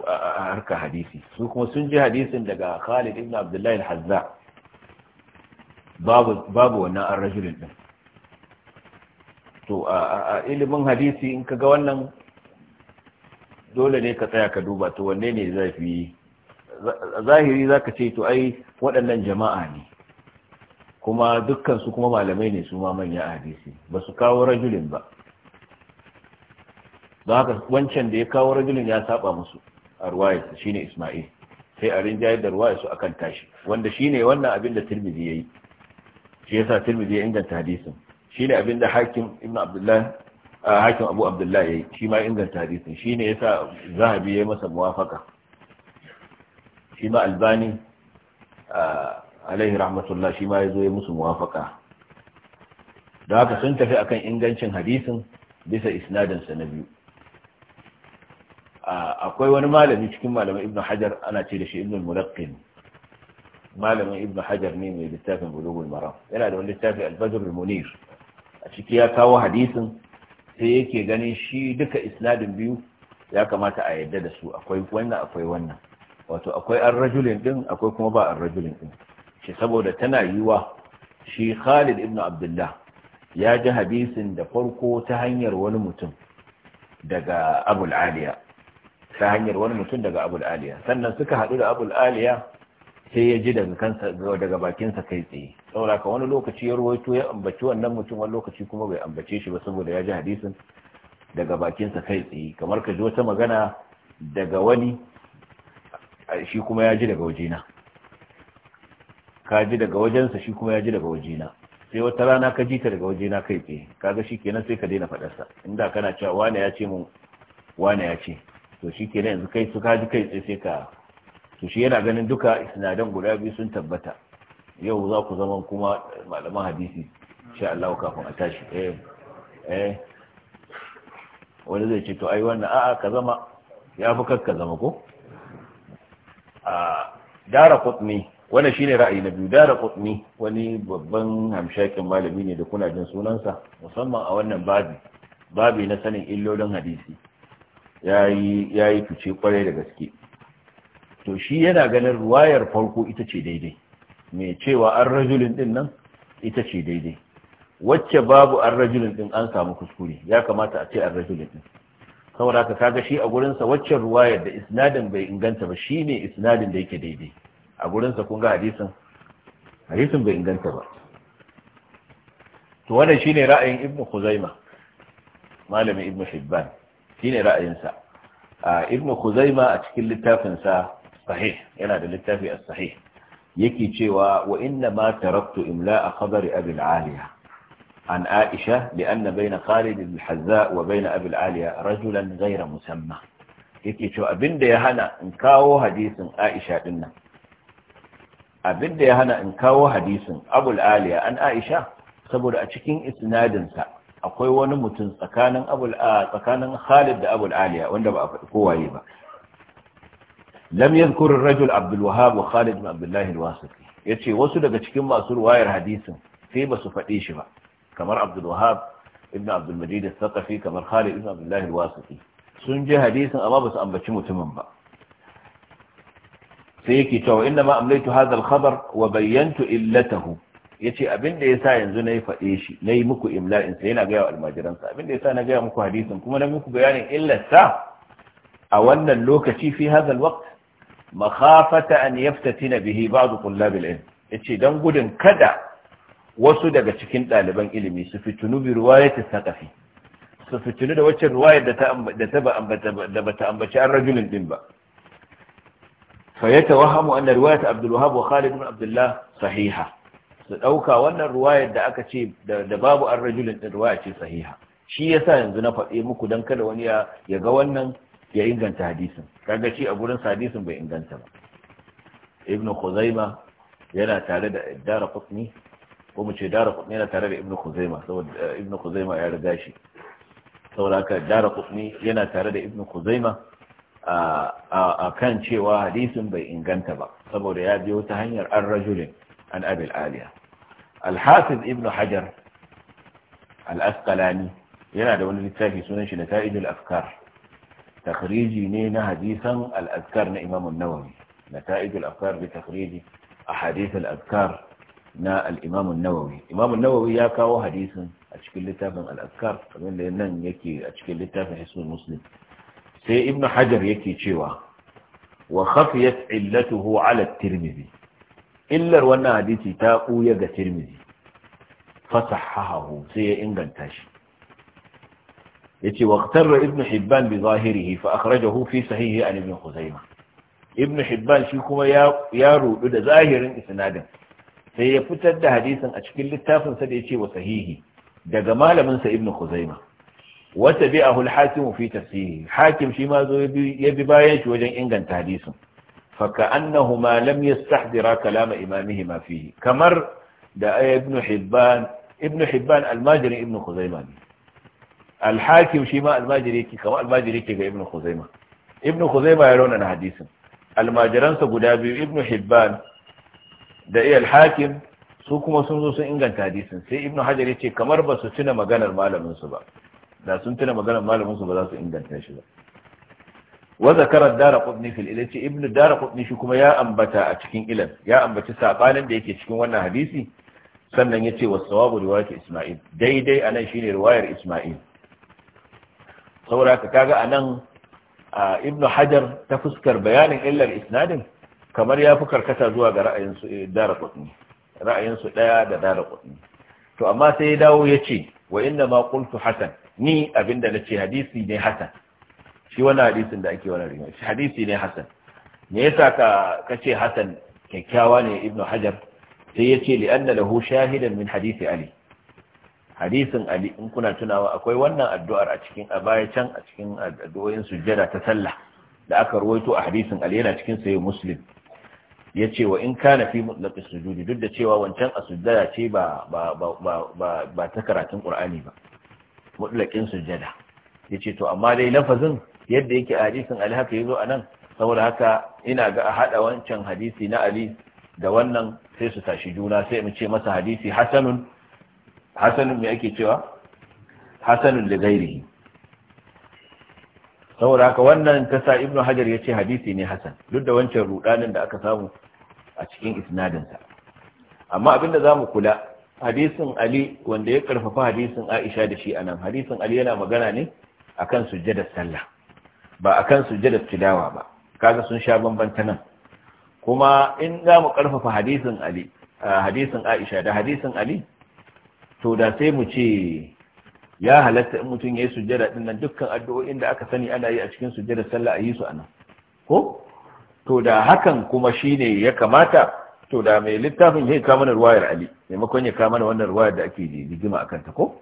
harka hadisi su kuma sun ji hadisin daga Khalid ibn Abdullahi al-Hazza babu babu wannan ar-rajulin din to a ilimin hadisi in kaga wannan dole ne ka tsaya ka duba to wanne ne zai fi zahiri za ka ce to ai waɗannan jama'a ne kuma dukkansu kuma malamai ne su ma manya a hadisi ba su kawo rajulin ba don haka wancan da ya kawo rajulin ya saba musu a ruwaya shine Isma'il sai a rinjayar da ruwaya su akan tashi wanda shine wannan abin da ya yi, shi ya sa Tirmidhi ya inganta hadisin shine abin da Hakim Ibn Abdullahi, Hakim Abu Abdullahi Abdullah yayi shi ma inganta hadisin shine yasa Zahabi ya masa muwafaka shi ma albani alaihi rahmatullah shi ma ya zo ya musu muwafaka da haka sun tafi akan ingancin hadisin bisa isnadinsa na biyu akwai wani malami cikin malamin ibn hajar ana ce da shi ibn mulaqqin malamin ibn hajar ne mai littafin bulugul maram yana da wani littafi al-badr munir a ciki ya kawo hadisin sai yake ganin shi duka isnadin biyu ya kamata a yadda da su akwai wannan akwai wannan wato akwai an rajulin din akwai kuma ba an rajulin din shi saboda tana yiwa shi khalid ibn abdullah ya ji hadisin da farko ta hanyar wani mutum daga abul aliya ta hanyar wani mutum daga abul aliya sannan suka haɗu da abul aliya sai ya ji daga kansa daga bakinsa kai tsaye saboda ka wani lokaci ya ruwaito ya ambaci wannan mutum wani lokaci kuma bai ambace shi ba saboda ya ji hadisin daga bakinsa kai tsaye kamar ka ji wata magana daga wani shi kuma ya ji daga wajena ka ji daga wajensa shi kuma ya ji daga wajena sai wata rana ka ji ta daga wajena kai tsaye ga shi kenan sai ka daina faɗarsa inda kana cewa wane ya ce mu wane ya ce to shi kenan yanzu kai su ka ji kai tsaye sai ka to shi yana ganin duka isnadan guda biyu sun tabbata yau za ku zama kuma malaman hadisi insha Allah kafin a tashi eh eh wani zai ce to ai wannan a'a ka zama ya fi kakka zama ko dara kutni wannan shine ra'ayi na biyu dara kutni wani babban hamshakin malami ne da kuna jin sunansa musamman a wannan babi babi na sanin illolin hadisi yayi yayi fice kwarai da gaske to shi yana ganin ruwayar farko ita ce daidai mai cewa an rajulin din nan ita ce daidai wacce babu an rajulin din an samu kuskure ya kamata a ce an rajulin din saboda ka kaga shi a gurinsa waccan ruwayar da isnadin bai inganta ba shi ne isnadin da yake daidai a sa kun ga hadisin hadisin bai inganta ba to wannan shine ra'ayin ibnu khuzaima malamin ibnu hibban shine ra'ayinsa ibnu khuzaima a cikin littafin sa sahih yana da littafi as-sahih yake cewa wa inna ma taraktu imla'a khabari abi al-aliya عن عائشة بأن بين خالد الحذاء وبين أبي العالية رجلا غير مسمى yake cewa abin da ya hana in kawo hadisin Aisha ya hana in kawo hadisin Abul an Aisha saboda a cikin isnadin akwai wani mutum tsakanin Abul tsakanin Khalid da Abul wanda ba a faɗi kowaye ba lam yadhkur rajul Abdul Wahhab Khalid bin Abdullah al wasu daga cikin masu ruwayar hadisin sai basu faɗe shi ba kamar abdul wahab ibn abdul majid al-thaqafi kamar khalid ibn abdullah al-wasiti sun ji hadisin amma ba su ambaci mutumin ba sai yake cewa inna ma amlaitu hadha al-khabar wa bayyantu illatahu yace abinda yasa yanzu nayi fade shi nayi muku imla'in sai yana gaya wa almajiran sa abin yasa na gaya muku hadisin kuma na muku bayanin illarsa a wannan lokaci fi hadha al-waqt makhafata an yaftatina bihi ba'd tullab al-ilm yace dan gudun kada wasu daga cikin ɗaliban ilimi su fitunu bi ruwayatis saqafi su fitunu da wacce ruwayar da ta da ta ba da bata ambaci an rajulin din ba fa yatawahamu anna riwayat Abdul Wahhab wa Khalid ibn Abdullah sahiha su dauka wannan ruwayar da aka ce da babu an rajulin din ruwaya ce sahiha shi yasa yanzu na faɗe muku dan kada wani ya ya ga wannan ya inganta hadisin kaga shi a gurin hadisin bai inganta ba Ibnu Khuzaima yana tare da Dara ko mu ce dara kutni yana tare da ibnu kuzaima saboda ibnu kuzaima ya riga shi saboda haka dara kutni yana tare da ibnu kuzaima a kan cewa hadisin bai inganta ba saboda ya biyo ta hanyar an rajulin an abil aliya al-hasib ibnu hajar al-asqalani yana da wani littafi sunan shi nata'ijul afkar takhriji ne na hadisan al-azkar na imam an-nawawi nata'ijul afkar bi takhriji ahadith al-azkar na al-Imam an-Nawawi nawawi imam nawawi ya kawo hadisin a cikin littafin al kamar da nan yake a cikin littafin Hisnul Muslim sai Ibn Hajar yake cewa wa khafiyat illatuhu ala tirmizi illar wannan hadisi ta buya ga tirmizi fasahahu sai ya inganta shi yace waqtarra Ibn Hibban bi zahirihi fa akhrajahu fi sahihi an Ibn Khuzaimah Ibn Hibban shi kuma ya rudu da zahirin isnadin sai ya fitar da hadisin a cikin littafin sa da yace wa sahihi daga malamin sa ibnu khuzaima wa tabi'ahu al-hakim fi tafsiri hakim shi ma zo ya bi bayan shi wajen inganta hadisin fa ka'annahuma lam yastahdira kalama imamihima fihi kamar da ibnu hibban ibnu hibban al-majri ibnu khuzaima al-hakim shi ma al-majri yake kamar al-majri yake ga ibnu khuzaima ibnu khuzaima ya rona na hadisin almajiransa guda biyu ibnu hibban da iyal hakim su kuma sun zo sun inganta hadisin sai ibnu hajar ce kamar ba su tuna maganar malaminsu ba da sun tuna maganar malamin su ba za su inganta shi ba wa Dara daraqutni fil ilm ce ibnu daraqutni shi kuma ya ambata a cikin ilm ya ambaci sabanin da yake cikin wannan hadisi sannan yace was sawabu riwayat isma'il daidai anan shine riwayar isma'il saboda kaga anan ibnu hajar ta fuskar bayanin illar isnadin kamar ya fi karkata zuwa ga ra'ayinsu eh, dara kudi ra'ayinsu daya da dara kudi to amma sai ya dawo ya ce wa inda ma qultu hasan ni abinda ce hadisi ne hasan shi wani hadisin da ake wannan shi hadisi ne hasan me yasa ka kace hasan kyakkyawa ne ibnu hajar sai yace ce li'anna lahu shahidan min hadisi ali hadisin ali in kuna tunawa akwai wannan addu'ar a cikin a baya can a cikin addu'o'in sujjada ta sallah da aka ruwaito a hadisin ali yana cikin sahih muslim ya ce wa in kana fi mutlaqis sujudi duk da cewa wancan asujjada ce ba ta karatun qur'ani ba mutlaqin sujjada yace to amma dai lafazin yadda yake a hadisin Ali haka a nan saboda haka ina ga a hada wancan hadisi na Ali da wannan sai su tashi juna sai mu ce masa hadisi hasanun hasanun me ake cewa hasanun li ghairihi saboda haka wannan ta sa ibnu hajar ya ce hadisi ne hasan duk da wancan rudanin da aka samu a cikin isnadinsa amma abinda za mu kula hadisin ali wanda ya karfafa hadisin aisha da shi anan hadisin ali yana magana ne akan sujjadar sallah ba kan sujjadar tilawa ba kaga sun sha bambanta nan kuma in za mu karfafa hadisin ali hadisin aisha da hadisin ali to da sai mu ce ya halatta in mutum ya yi sujjada din nan dukkan addu'o'in da aka sani ana yi a cikin sujjadar sallah a yi su anan ko to da hakan kuma shine ya kamata to da mai littafin ya kawo mana ruwayar ali maimakon ya kawo mana wannan ruwayar da ake rigima akan ta ko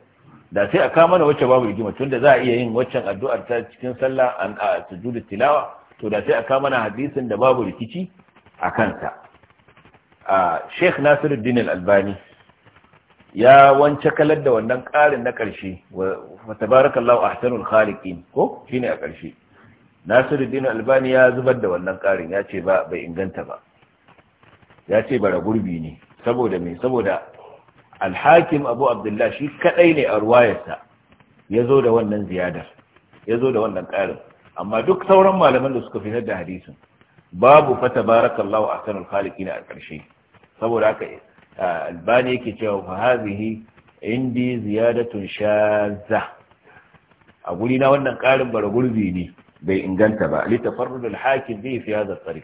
da sai a kawo mana wacce babu rigima tunda za a iya yin waccan addu'ar ta cikin sallah an a sujudu tilawa to da sai a kawo mana hadisin da babu rikici a ta a sheikh nasiruddin al-albani ya wance kalar da wannan ƙarin na karshe wa tabarakallahu ahsanul khaliqin ko shine a karshe nasiruddin albani ya zubar da wannan karin ya ce ba bai inganta ba ya ce bara gurbi ne saboda me saboda alhakim abu Abdullahi shi kadai ne a ruwayarsa ya zo da wannan ziyadar ya zo da wannan karin amma duk sauran malaman da suka fitar da hadisin babu fa a ahsanul khaliqin a ƙarshe saboda haka eh, albani yake cewa fa hazihi indi ziyadatun shazza a guri na wannan karin bara gurbi ne bai inganta ba li da hakim zai fi hadha tariq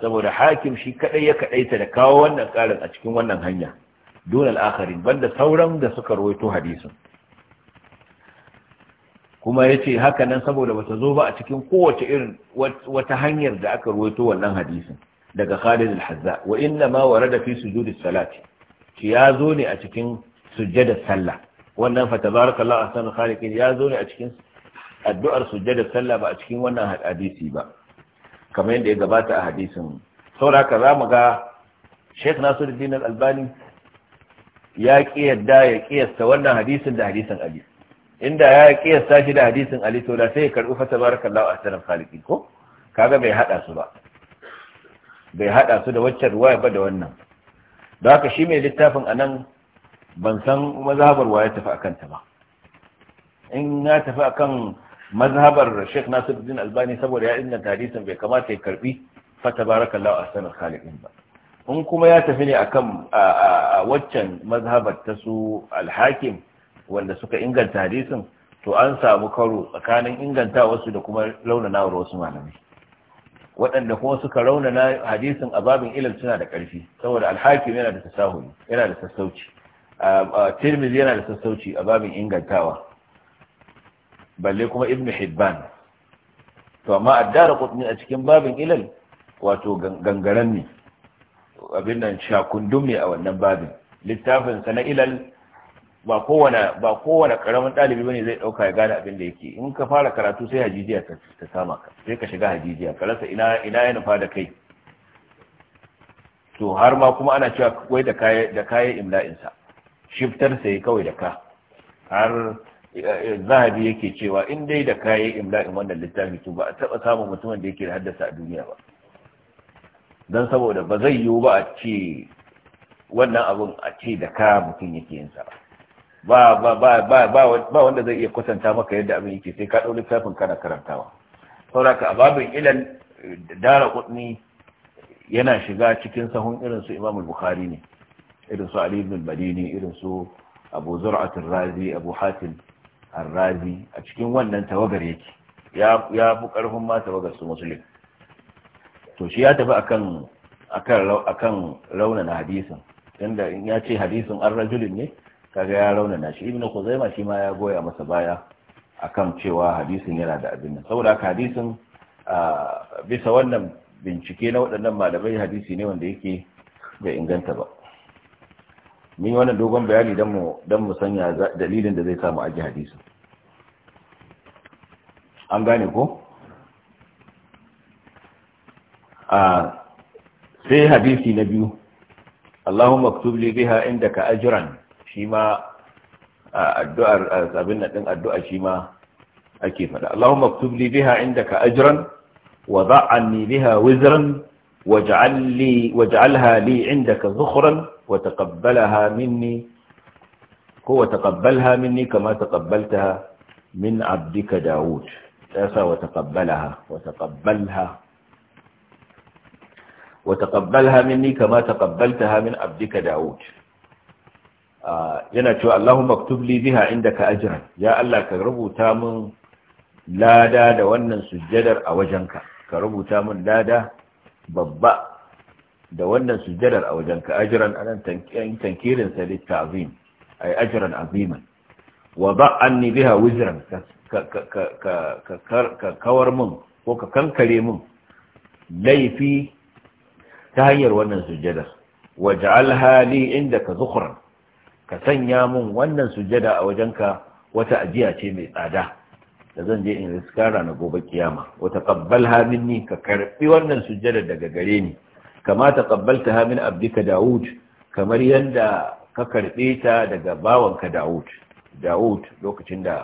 saboda hakim shi kadai ya kadaita da kawo wannan karin a cikin wannan hanya don al banda sauran da suka rawaito hadisin kuma yace ce hakanan saboda bata zo ba a cikin kowace irin wata hanyar da aka rawaito wannan hadisin daga Khalid al-Hazza wa inna ma warada fi sujudi salati shi ya zo ne a cikin sujjada sallah wannan fa tabarakallahu ahsanul khaliqin ya zo ne a cikin addu'ar sujjada sallah ba a cikin wannan hadisi ba kamar yadda ya gabata a hadisin sauraka za mu ga Sheikh Nasiruddin Al-Albani ya kiyarda ya kiyasta wannan hadisin da hadisin Ali inda ya kiyasta shi da hadisin Ali to da sai ya karbi fa tabarakallahu ahsanul khaliqin ko kaga bai hada su ba bai hada su da waccan ruwaya ba da wannan don haka shi mai littafin anan ban san mazhabar waya tafi akan ta ba in ya tafi akan mazhabar Sheikh Nasiruddin Albani saboda ya inganta hadisin bai kamata ya karbi fa tabarakallahu ahsanul khaliqin ba in kuma ya tafi ne akan waccan mazhabar ta su al-Hakim wanda suka inganta hadisin to an samu karo tsakanin inganta wasu da kuma launana wasu malamai waɗanda kuma suka raunana hadisin a babin ilal suna da ƙarfi saboda al yana da tasahuli yana da sassauci tirmidhi yana da sassauci a babin ingantawa balle kuma ibn hibban to amma addara kutni a cikin babin ilal wato gangaren ne abin nan ne a wannan babin littafin sa na ilal ba kowane ba kowane karamin dalibi bane zai dauka ya gane abin da yake in ka fara karatu sai hajijiya ta sama ka sai ka shiga hajijiya ka rasa ina ina ya nufa da kai to har ma kuma ana cewa kai da kayan da kai imla'in shiftar sai kawai da ka har zahabi yake cewa in dai da kayan imla'in wannan littafi to ba a taɓa samun mutumin da yake da haddasa a duniya ba don saboda ba zai yiwu ba a ce wannan abun a ce da ka mutum yake yin sa ba ba wanda zai iya kwatanta maka yadda abin yake sai ka ɗau littafin kana karantawa sauraka ababin ilan dara kudni yana shiga cikin sahun irin su imam bukhari ne irin su ali ibn madini irin su abu zur'atul razi abu hatim arrazi a cikin wannan tawagar yake ya fi ƙarfin ma tawagar su musulun to shi ya tafi akan akan raunana hadisin inda in ya ce hadisin an ne kaga ya na shi ibnu kuzaima shi ma ya goya masa baya akan cewa hadisun yana da abin nan saboda haka hadisin bisa wannan bincike na waɗannan malamai hadisi ne wanda yake bai inganta ba mun yi wannan dogon bayani don mu sanya dalilin da zai samu aji hadisu. an gane ko sai hadisi na biyu Allahumma aktub li biha indaka ajran shi ma addu'ar abin na din addu'a shi ma ake fada Allahumma aktub li biha indaka ajran wa da'anni biha wizran waj'al li waj'alha li indaka zukhran وتقبلها مني هو تقبلها مني كما تقبلتها من عبدك داود تأسى وتقبلها وتقبلها وتقبلها مني كما تقبلتها من عبدك داود آه، ينا شو اللهم اكتب لي بها عندك أجرا يا الله كربو تام لا دا دا ونن سجدر أوجنك كربو تام لا دا ببأ da wannan sujjadar a wajen ka ajran anan tankirin sa lit ta'zim ay ajran aziman wa da'anni biha wizran ka ka kawar mun ko ka kankare mun laifi ta hanyar wannan sujjadar waj'alha li indaka zukhran ka sanya mun wannan sujjada a wajenka wata ajiya ce mai tsada da zan je in riskara na gobe kiyama wa taqabbalha minni ka karbi wannan sujjada daga gare ni كما تقبلتها من أبدك داود كمريان دا ككرقيتا دا قباوانك داود داود لوك تندا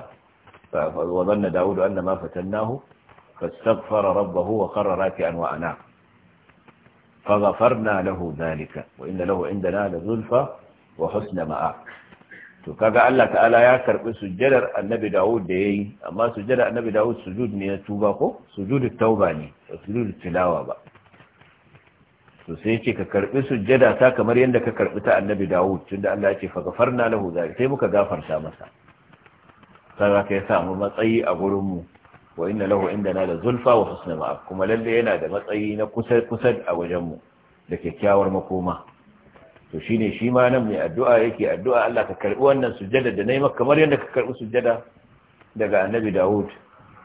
وظن داود أن ما فتناه فاستغفر ربه وقر راكعا وأنا فغفرنا له ذلك وإن له عندنا لذلفة وحسن مآك كما قال الله تعالى يا كربي سجد النبي داود دي اما سجد النبي داود سجود نيه توبه سجود التوبه سجود التلاوه بقى to sai ce ka karbi sujjada ta kamar yadda ka karbi ta annabi Dawud tunda Allah ya ce fa gafarna lahu zalika sai muka gafarta masa kaga kai samu matsayi a gurin mu wa inna lahu indana la zulfa wa husna ma kuma lalle yana da matsayi na kusa kusa a wajen mu da kyakkyawar makoma to shine shi ma nan mai addu'a yake addu'a Allah ka karbi wannan sujjada da nayi maka kamar yadda ka karbi sujjada daga annabi Dawud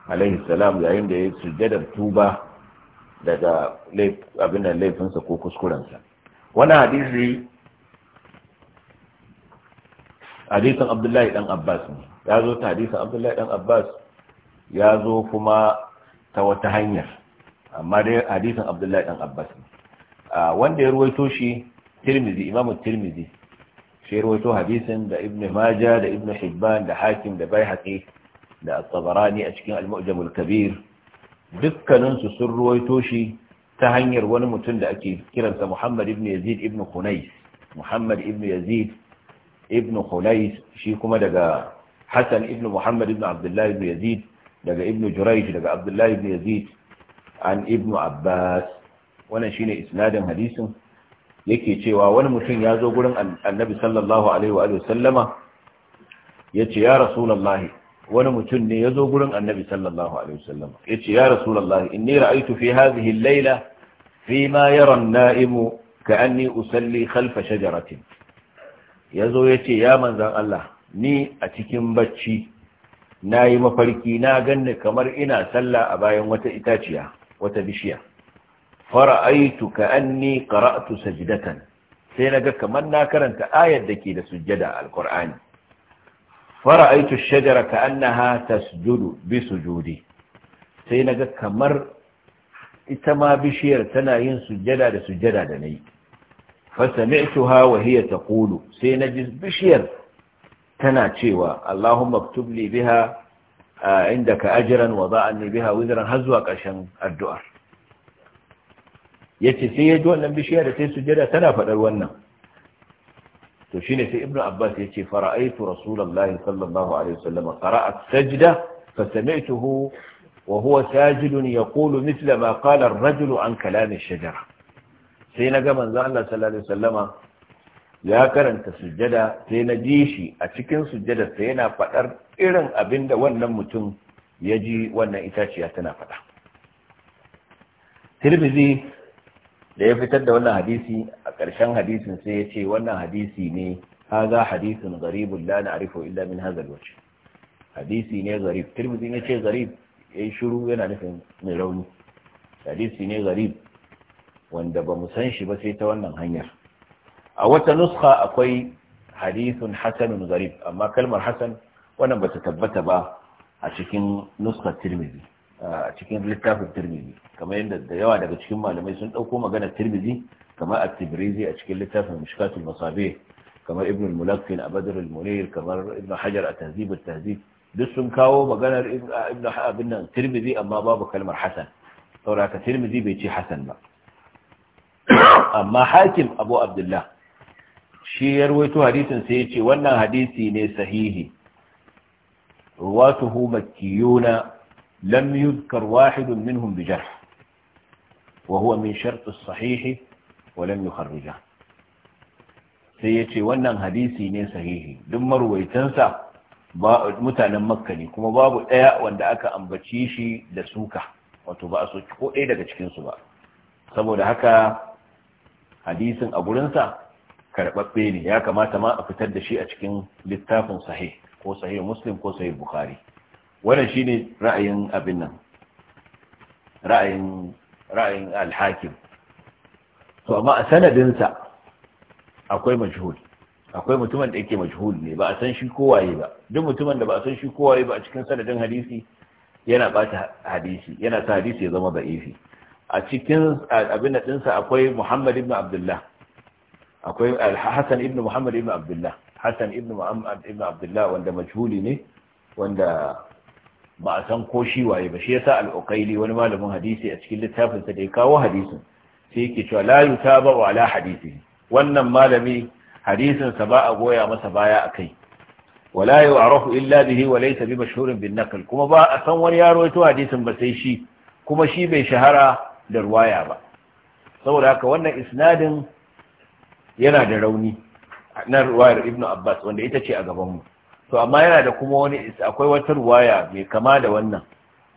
alaihi salam yayin da ya sujjada tuba daga abin da laifinsa ko kuskurensa Wani hadisi hadisin abdullahi dan abbas ne ya zo ta hadisin abdullahi dan abbas ya zo kuma ta wata hanyar amma dai hadisin abdullahi dan abbas ne wanda ya ruwaito shi tirmizi imamu tirmizi shi ruwaito hadisin da ibn maja da ibn hibban da hakim da bai da at a cikin al-mu'jamul kabir dukkaninsu sun ruwaito shi ta hanyar wani mutum da ake kiransa Muhammad ibn Yazid ibn Khunais Muhammad ibn Yazid ibn Khunais shi kuma daga Hassan ibn Muhammad ibn Abdullahi ibn Yazid daga ibn Jurayj daga Abdullahi ibn Yazid an ibn Abbas wannan shine isnadin hadisin yake cewa wani mutum ya zo gurin Annabi sallallahu alaihi wa sallama yace ya Rasulullahi wani mutum ne ya zo gurin annabi sallallahu alaihi wasallam ya ce ya rasulallah inni ni fi hadhihi al-laila fi ma yara an-na'imu ka'anni usalli khalfa shajaratin ya zo ya ce ya manzan Allah ni a cikin bacci na yi mafarki na ganni kamar ina sallah a bayan wata itaciya wata bishiya fara'aitu ka'anni qara'tu sajdatan sai naga kamar na karanta ayar da ke da sujjada alqur'ani fara'aitu shajara ka annaha tasjudu bi sujudi sai naga kamar ita ma bishiyar tana yin sujjada da sujjada da nayi fa sami'tuha wa hiya taqulu sai naji bishiyar tana cewa Allahumma aktub li biha indaka ajran wa da'anni biha wizran har zuwa ƙarshen addu'ar yace sai yaji wannan bishiyar da sai sujjada tana faɗar wannan to shine sai ibnu abbas yace fara'aitu rasulullahi sallallahu alaihi wasallam qara'a sajda fasami'tuhu wa huwa sajidun yaqulu mithla ma qala ar-rajul an kalam ash-shajara sai naga manzo Allah sallallahu alaihi wasallama ya karanta sujjada sai na ji shi a cikin sujjada sai yana fadar irin abinda wannan mutum ya ji wannan itaciya tana fada Tirmidhi da ya fitar da wannan hadisi a ƙarshen hadisin sai ya ce wannan hadisi ne ha za hadisin garibun la na arifo illa min hazal wajh hadisi ne garib tirmidhi ne ce garib yi shuru yana nufin mai rauni hadisi ne garib wanda ba mu san shi ba sai ta wannan hanyar a wata nuska akwai hadisun hasanun garib amma kalmar hasan wannan ba ta tabbata ba a cikin nuskar tirmidhi a cikin littafin tirmizi kamar yadda da yawa daga cikin malamai sun ɗauko maganar tirmizi kamar a tibirizi a cikin littafin mishkatul masabe kamar ibn mulakkin a badar munir kamar ibn hajar a tanzib tanzib duk sun kawo maganar ibn abin nan tirmizi amma babu kalmar hasan saboda tirmizi bai ce hasan ba amma hakim abu abdullah shi ya ruwaito hadisin sai ya ce wannan hadisi ne sahihi ruwatuhu makkiyuna لم يذكر واحد منهم بجرح وهو من شرط الصحيح ولم يخرجه sai ya ce wannan hadisi ne sahihi duk marwaitansa mutanen makka ne kuma babu ɗaya wanda aka ambaci shi da suka wato ba a ko ɗaya daga cikinsu ba saboda haka hadisin a gurinsa karɓaɓɓe ne ya kamata ma a fitar da shi a cikin littafin sahih ko sahih muslim ko sahih bukhari wannan shine ra'ayin abin nan ra'ayin ra'ayin al to amma a sanadinsa akwai majhul akwai mutumin da yake majhul ne ba a san shi kowaye ba duk mutumin da ba a san shi kowaye ba a cikin sanadin hadisi yana bata hadisi yana sa hadisi ya zama da'ifi a cikin abin da akwai Muhammad ibn Abdullah akwai Hassan ibn Muhammad ibn Abdullah Hassan ibn Muhammad ibn Abdullah wanda majhuli ne wanda ba a san ko shi waye ba shi yasa al-uqayli wani malamin hadisi a cikin littafin sa da ya kawo hadisin sai yake cewa la yutaba wa hadisi wannan malami hadisin sa ba a goya masa baya akai wala yu'rafu illa bihi wa laysa bi mashhurin bin naql kuma ba a san wani yaro to hadisin ba sai shi kuma shi bai shahara da ruwaya ba saboda haka wannan isnadin yana da rauni na ruwayar ibnu abbas wanda ita ce a gaban mu to amma yana da kuma wani akwai wata ruwaya mai kama da wannan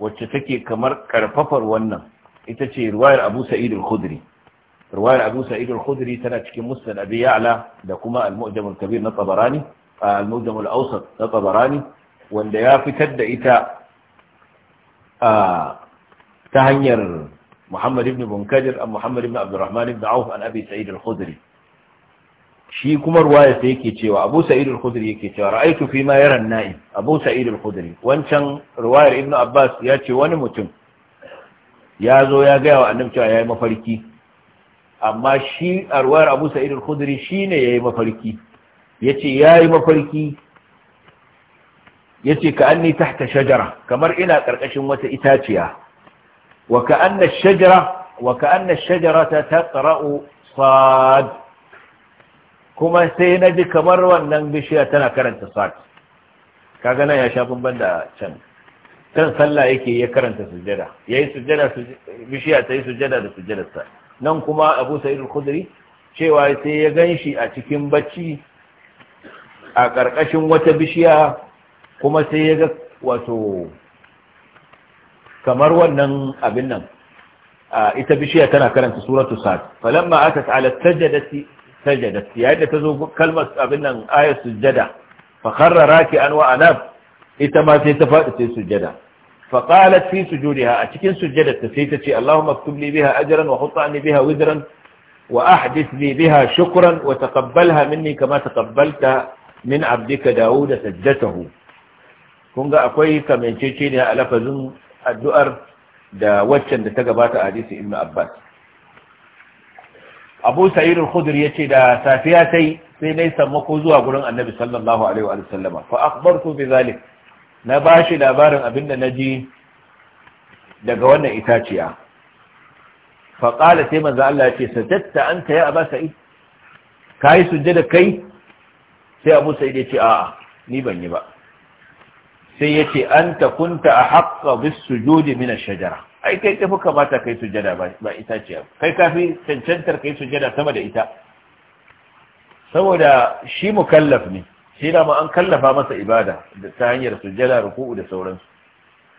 wacce take kamar karfafar wannan ita ce ruwayar Abu Sa'id al-Khudri ruwayar Abu Sa'id al-Khudri tana cikin Musnad Abi Ya'la da kuma Al-Mu'jam al-Kabir na Tabarani Al-Mu'jam al-Awsat na Tabarani wanda ya fitar da ita ta hanyar Muhammad ibn Munkadir an Muhammad ibn Abdurrahman ibn Auf an Abi Sa'id al-Khudri shi kuma ruwaya ta yake cewa Abu Sa'id al-Khudri yake cewa ra'aytu fi ma yara an Na'im, Abu Sa'id al-Khudri wancan ruwayar Ibn Abbas ya ce wani mutum ya zo ya ga wa annabi cewa yayi mafarki amma shi a ruwayar Abu Sa'id al-Khudri shine yayi mafarki yace yayi mafarki yace ka anni tahta shajara kamar ina karkashin wata itaciya wa ka anna ash-shajara wa ka anna ash-shajarata taqra'u sad kuma sai na ji kamar wannan bishiya tana karanta sa'ad kaga nan ya sha bamban da can can sallah yake ya karanta sujjada yayi sujjada bishiya ta yi sujjada da sujjadarsa nan kuma Abu Sa'id al-Khudri cewa sai ya ganshi a cikin bacci a karkashin wata bishiya kuma sai ya ga wato kamar wannan abin nan ita bishiya tana karanta suratu sad falamma atat ala sajdati sajadat yayin da ta zo kalmar abin nan ayat sujada fa kharra an wa anab ita ma sai ta faɗi sai sujada fa qalat fi sujudiha a cikin sujada ta sai ta ce Allahumma aktub li biha ajran wa hut biha wizran wa ahdith li biha shukran wa taqabbalha minni kama taqabbalta min abdika Dawud sajdatahu kun ga akwai ne a lafazin addu'ar da waccan da ta gabata a hadisi ibnu Abbas abu sa'ir al-khudr yace da safiya tai sai nayi sammako zuwa gurin annabi sallallahu alaihi wa sallama fa akhbartu bi zalik na bashi labarin abinda naji daga wannan itaciya fa qala sai manzo Allah yace sajadta anta ya abu sa'id kai sujjada kai sai abu sa'id yace a'a ni ban yi ba sai yace anta kunta ahqqa bis sujudi min ash-shajara ai kai tafi kamata kai jada ba ita ce kai kafi cancantar kai sujada sama da ita saboda shi kallaf ne shi da ma an kallafa masa ibada da ta hanyar sujada ruku'u da sauransu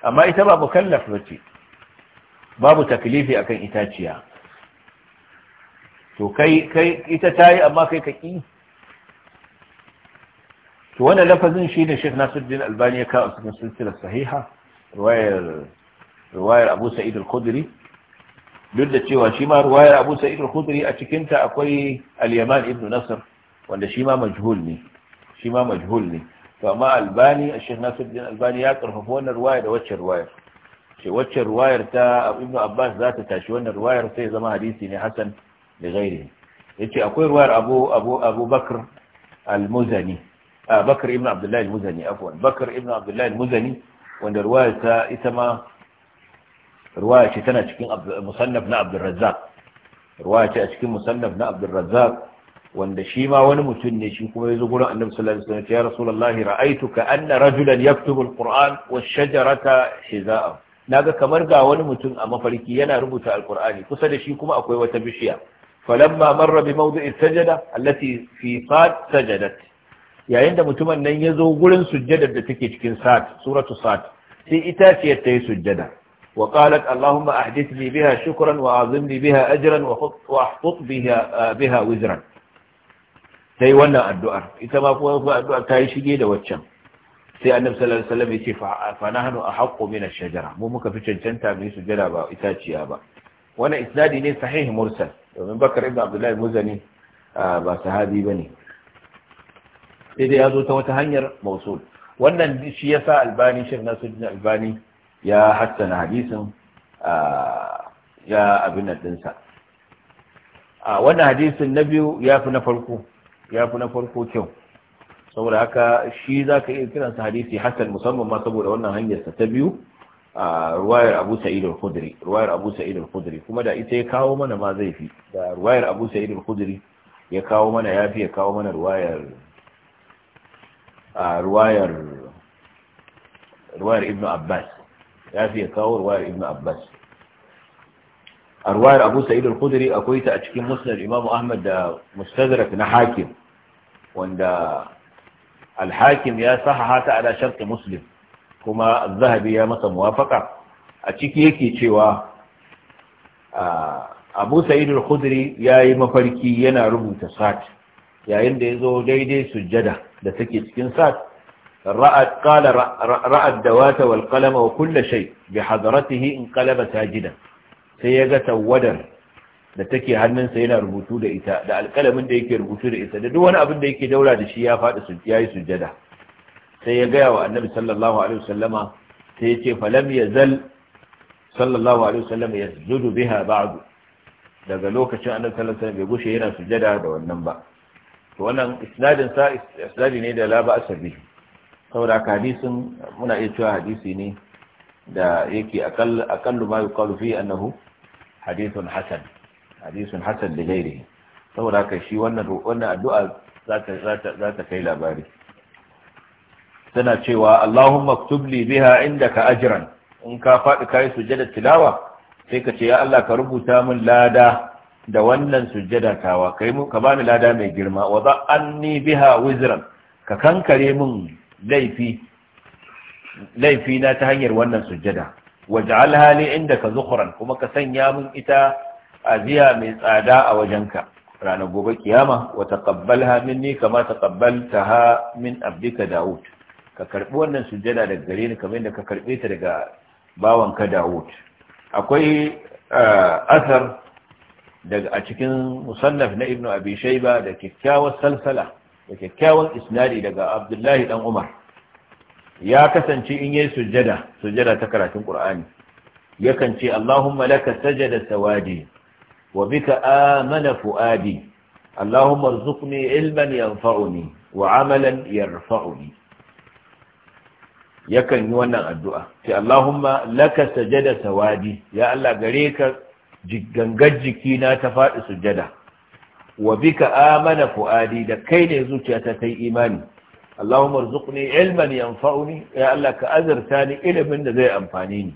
amma ita ba mu ba ce. babu taklifi akan itaciya to kai kai ita tayi amma kai ka ki to wannan lafazin shi ne Sheikh Nasiruddin Albani ya kawo cikin silsilar sahiha riwayar ruwayar abu sa'id al-khudri duk da cewa shi ma ruwayar abu sa'id al-khudri a cikin ta akwai al-yaman ibn nasr wanda shi ma majhul ne shi ma majhul ne to amma albani al-sheikh nasiruddin albani ya karfafa wannan ruwaya da wacce ruwayar ce wacce ruwayar ta ibn abbas za ta tashi wannan ruwayar sai zama hadisi ne hasan da gairi yace akwai ruwayar abu abu abu al-muzani bakr ibn abdullah al-muzani afwan bakr ibn abdullah al-muzani wanda ruwayar ta ita ma ruwaya ce tana cikin musannaf na ruwaya ce a cikin musannaf na abdurrazzak wanda shi ma wani mutum ne shi kuma yazo gurin annabi sallallahu alaihi wasallam ya rasulullahi ra'aytuka anna rajulan yaktubu alquran wa shajarata hiza'a naga kamar ga wani mutum a mafarki yana rubuta alqur'ani kusa da shi kuma akwai wata bishiya falamma marra bi mawdi'i sajada allati fi sad sajadat yayin da mutumin nan ya zo gurin sujjadar da take cikin sad suratu sad sai ita ce ta yi sujjada وقالت اللهم أحدثني بها شكرا وأعظمني بها أجرا وأحطط بها, بها وزرا sai wannan addu'ar ita ma kuma addu'ar ta yi shige da waccan sai annabi sallallahu alaihi wasallam yace fa a ahqqu min ash-shajara mu muka fi cancanta mu sujada ba itaciya ba Wani isnadi ne sahih mursal domin bakar ibn abdullahi muzani ba sahabi ba ne. sai dai ya zo ta wata hanyar mausul wannan shi ya sa albani shir nasuddin albani ya hassana hadisin ya abin ɗinsa a wannan hadisin na biyu ya fi na farko ya fi na farko kyau saboda haka shi za ka iya kiransa hadisi hassan musamman ma saboda wannan hanyarsa ta biyu a ruwayar abu sa'id al-khudri ruwayar abu sa'id al-khudri kuma da ita ya kawo mana ma zai fi da ruwayar abu sa'id al-khudri ya kawo mana ya fi ya kawo mana ruwayar a ruwayar ruwayar ibnu abbas ya fiye kawo ruwayar ibn abbas a ruwayar abu sa'id al akwai ta a cikin musnad imam ahmad da mustadrak na hakim wanda al-hakim ya sahaha ta ala shart muslim kuma az-zahabi ya masa muwafaqa a ciki yake cewa abu sa'id al ya yi mafarki yana rubuta sat yayin da ya zo daidai sujjada da take cikin sat رأت قال رأى الدوات والقلم وكل شيء بحضرته انقلب ساجدا سيجا سودر da take hannunsa yana rubutu da ita da alƙalamin da yake rubutu da ita da duk wani abin da yake daura da shi ya faɗi su yayi sujada sai ya gaya wa annabi sallallahu alaihi wasallama sai ya ce falam yazal sallallahu alaihi wasallama yasjudu biha ba'du daga lokacin annabi sallallahu alaihi wasallam bai gushe yana sujada da wannan ba to wannan isnadin sa isnadi ne da la ba asabi saboda hadisin muna iya cewa hadisi ne da yake akallu ma yuqalu fi annahu hadisun Hassan hadisun hassan da gairi saboda haka shi wannan addu'a za ta kai labari tana cewa allahun maktubli biha! Inda ka ajiran in ka faɗi kayi sujada tilawa sai ka ce ya Allah ka rubuta min lada da wannan sujada tawa ka bani lada mai girma wa za ni biha wizran ka kankare min laifi laifi na ta hanyar wannan sujjada waj'al hali indaka zukhran kuma ka sanya min ita aziya mai tsada a wajenka ranar gobe kiyama wa taqabbalha minni kama taqabbaltaha min abdika daud ka karbi wannan sujjada daga gare ni kamar yadda ka karbe ta daga bawanka daud akwai eh, asar daga a cikin musannaf na ibnu abi shayba da kyakkyawar salsala da kyakkyawan isnadi daga abdullahi ɗan umar ya kasance in yi sujada, sujada ta karatun Kur'ani. yakan ce allahumma laka sajada sawadi wa bika amana fuadi اللهم ارزقني علما ينفعني وعملا يرفعني yakan yi wannan addu'a ce Allahumma laka sajada sawadi ya Allah gare ka gangar jikina ta faɗi sujada wa bika amana fuadi da kai ne zuciyata ta yi imani Allahumma rzuqni ilman yanfa'uni ya Allah ka azurta ni ilimin da zai amfane ni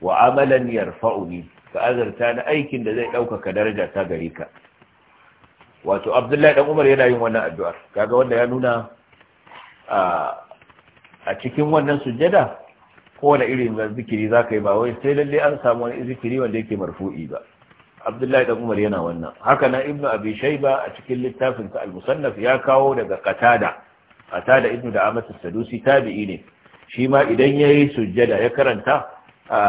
wa amalan yarfa'uni ka azurta ni aikin da zai ɗaukaka daraja ta gare ka wato Abdullahi dan Umar yana yin wannan addu'ar kaga wanda ya nuna a cikin wannan sujjada kowane irin zikiri zaka yi ba wai sai lalle an samu wani zikiri wanda yake marfu'i ba abdullahi da umar yana wannan haka nan ibnu abi shayba a cikin littafin sa al-musannaf ya kawo daga qatada qatada ibnu da amatu sadusi tabi'i ne shi ma idan yayi sujjada ya karanta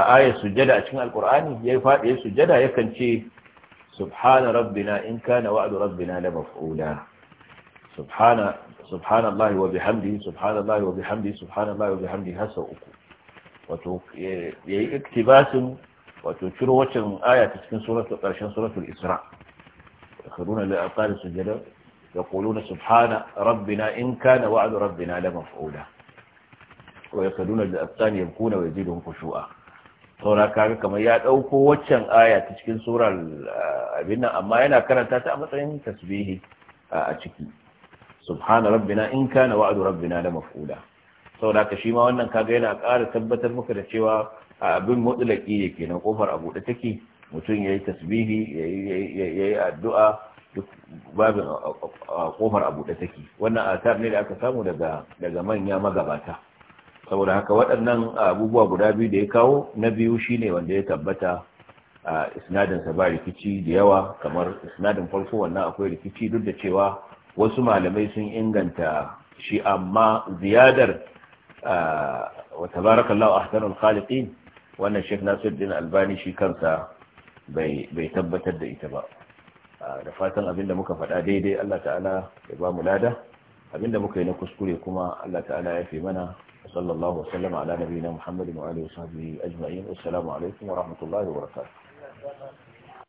ayat sujjada a cikin alqur'ani yayi fadi yayi sujjada yakan ce subhana rabbina in kana wa'du rabbina la maf'ula subhana subhanallahi wa bihamdihi subhanallahi wa bihamdihi subhanallahi wa bihamdihi hasa uku wato yayi iktibasin wato ciro waccan aya ta cikin suratul karshen suratul isra yakhruna lil aqali sujada yaquluna subhana rabbina in kana wa'du rabbina la maf'ula wa yakhruna lil aqtani yabkuna wa yaziduhum khushu'a saura kaga kamar ya dauko waccan aya ta cikin surar ah, abin nan amma yana karanta ta a matsayin tasbihi ah, a ciki subhana rabbina in kana wa'du rabbina la maf'ula saboda ka shi ma wannan kaga yana ƙara tabbatar muka da cewa abin mutulaki ne kenan kofar a buɗe take mutum ya yi tasbihi ya yi addu'a duk babin kofar a buɗe take wannan asar ne da aka samu daga manya magabata saboda haka waɗannan abubuwa guda biyu da ya kawo na biyu shi ne wanda ya tabbata a isnadin sa ba rikici da yawa kamar isnadin farko wannan akwai rikici duk da cewa wasu malamai sun inganta shi amma ziyadar wa tabarakallahu ahsanul khaliqin wannan sheikh nasiruddin albani shi kansa bai tabbatar da ita ba da fatan abinda muka faɗa daidai Allah ta'ala ya ba mu lada abinda muka yi na kuskure kuma Allah ta'ala ya fi mana sallallahu wa sallama ala nabiyina muhammadin wa alihi wa sahbihi ajma'in assalamu alaikum wa rahmatullahi wa barakatuh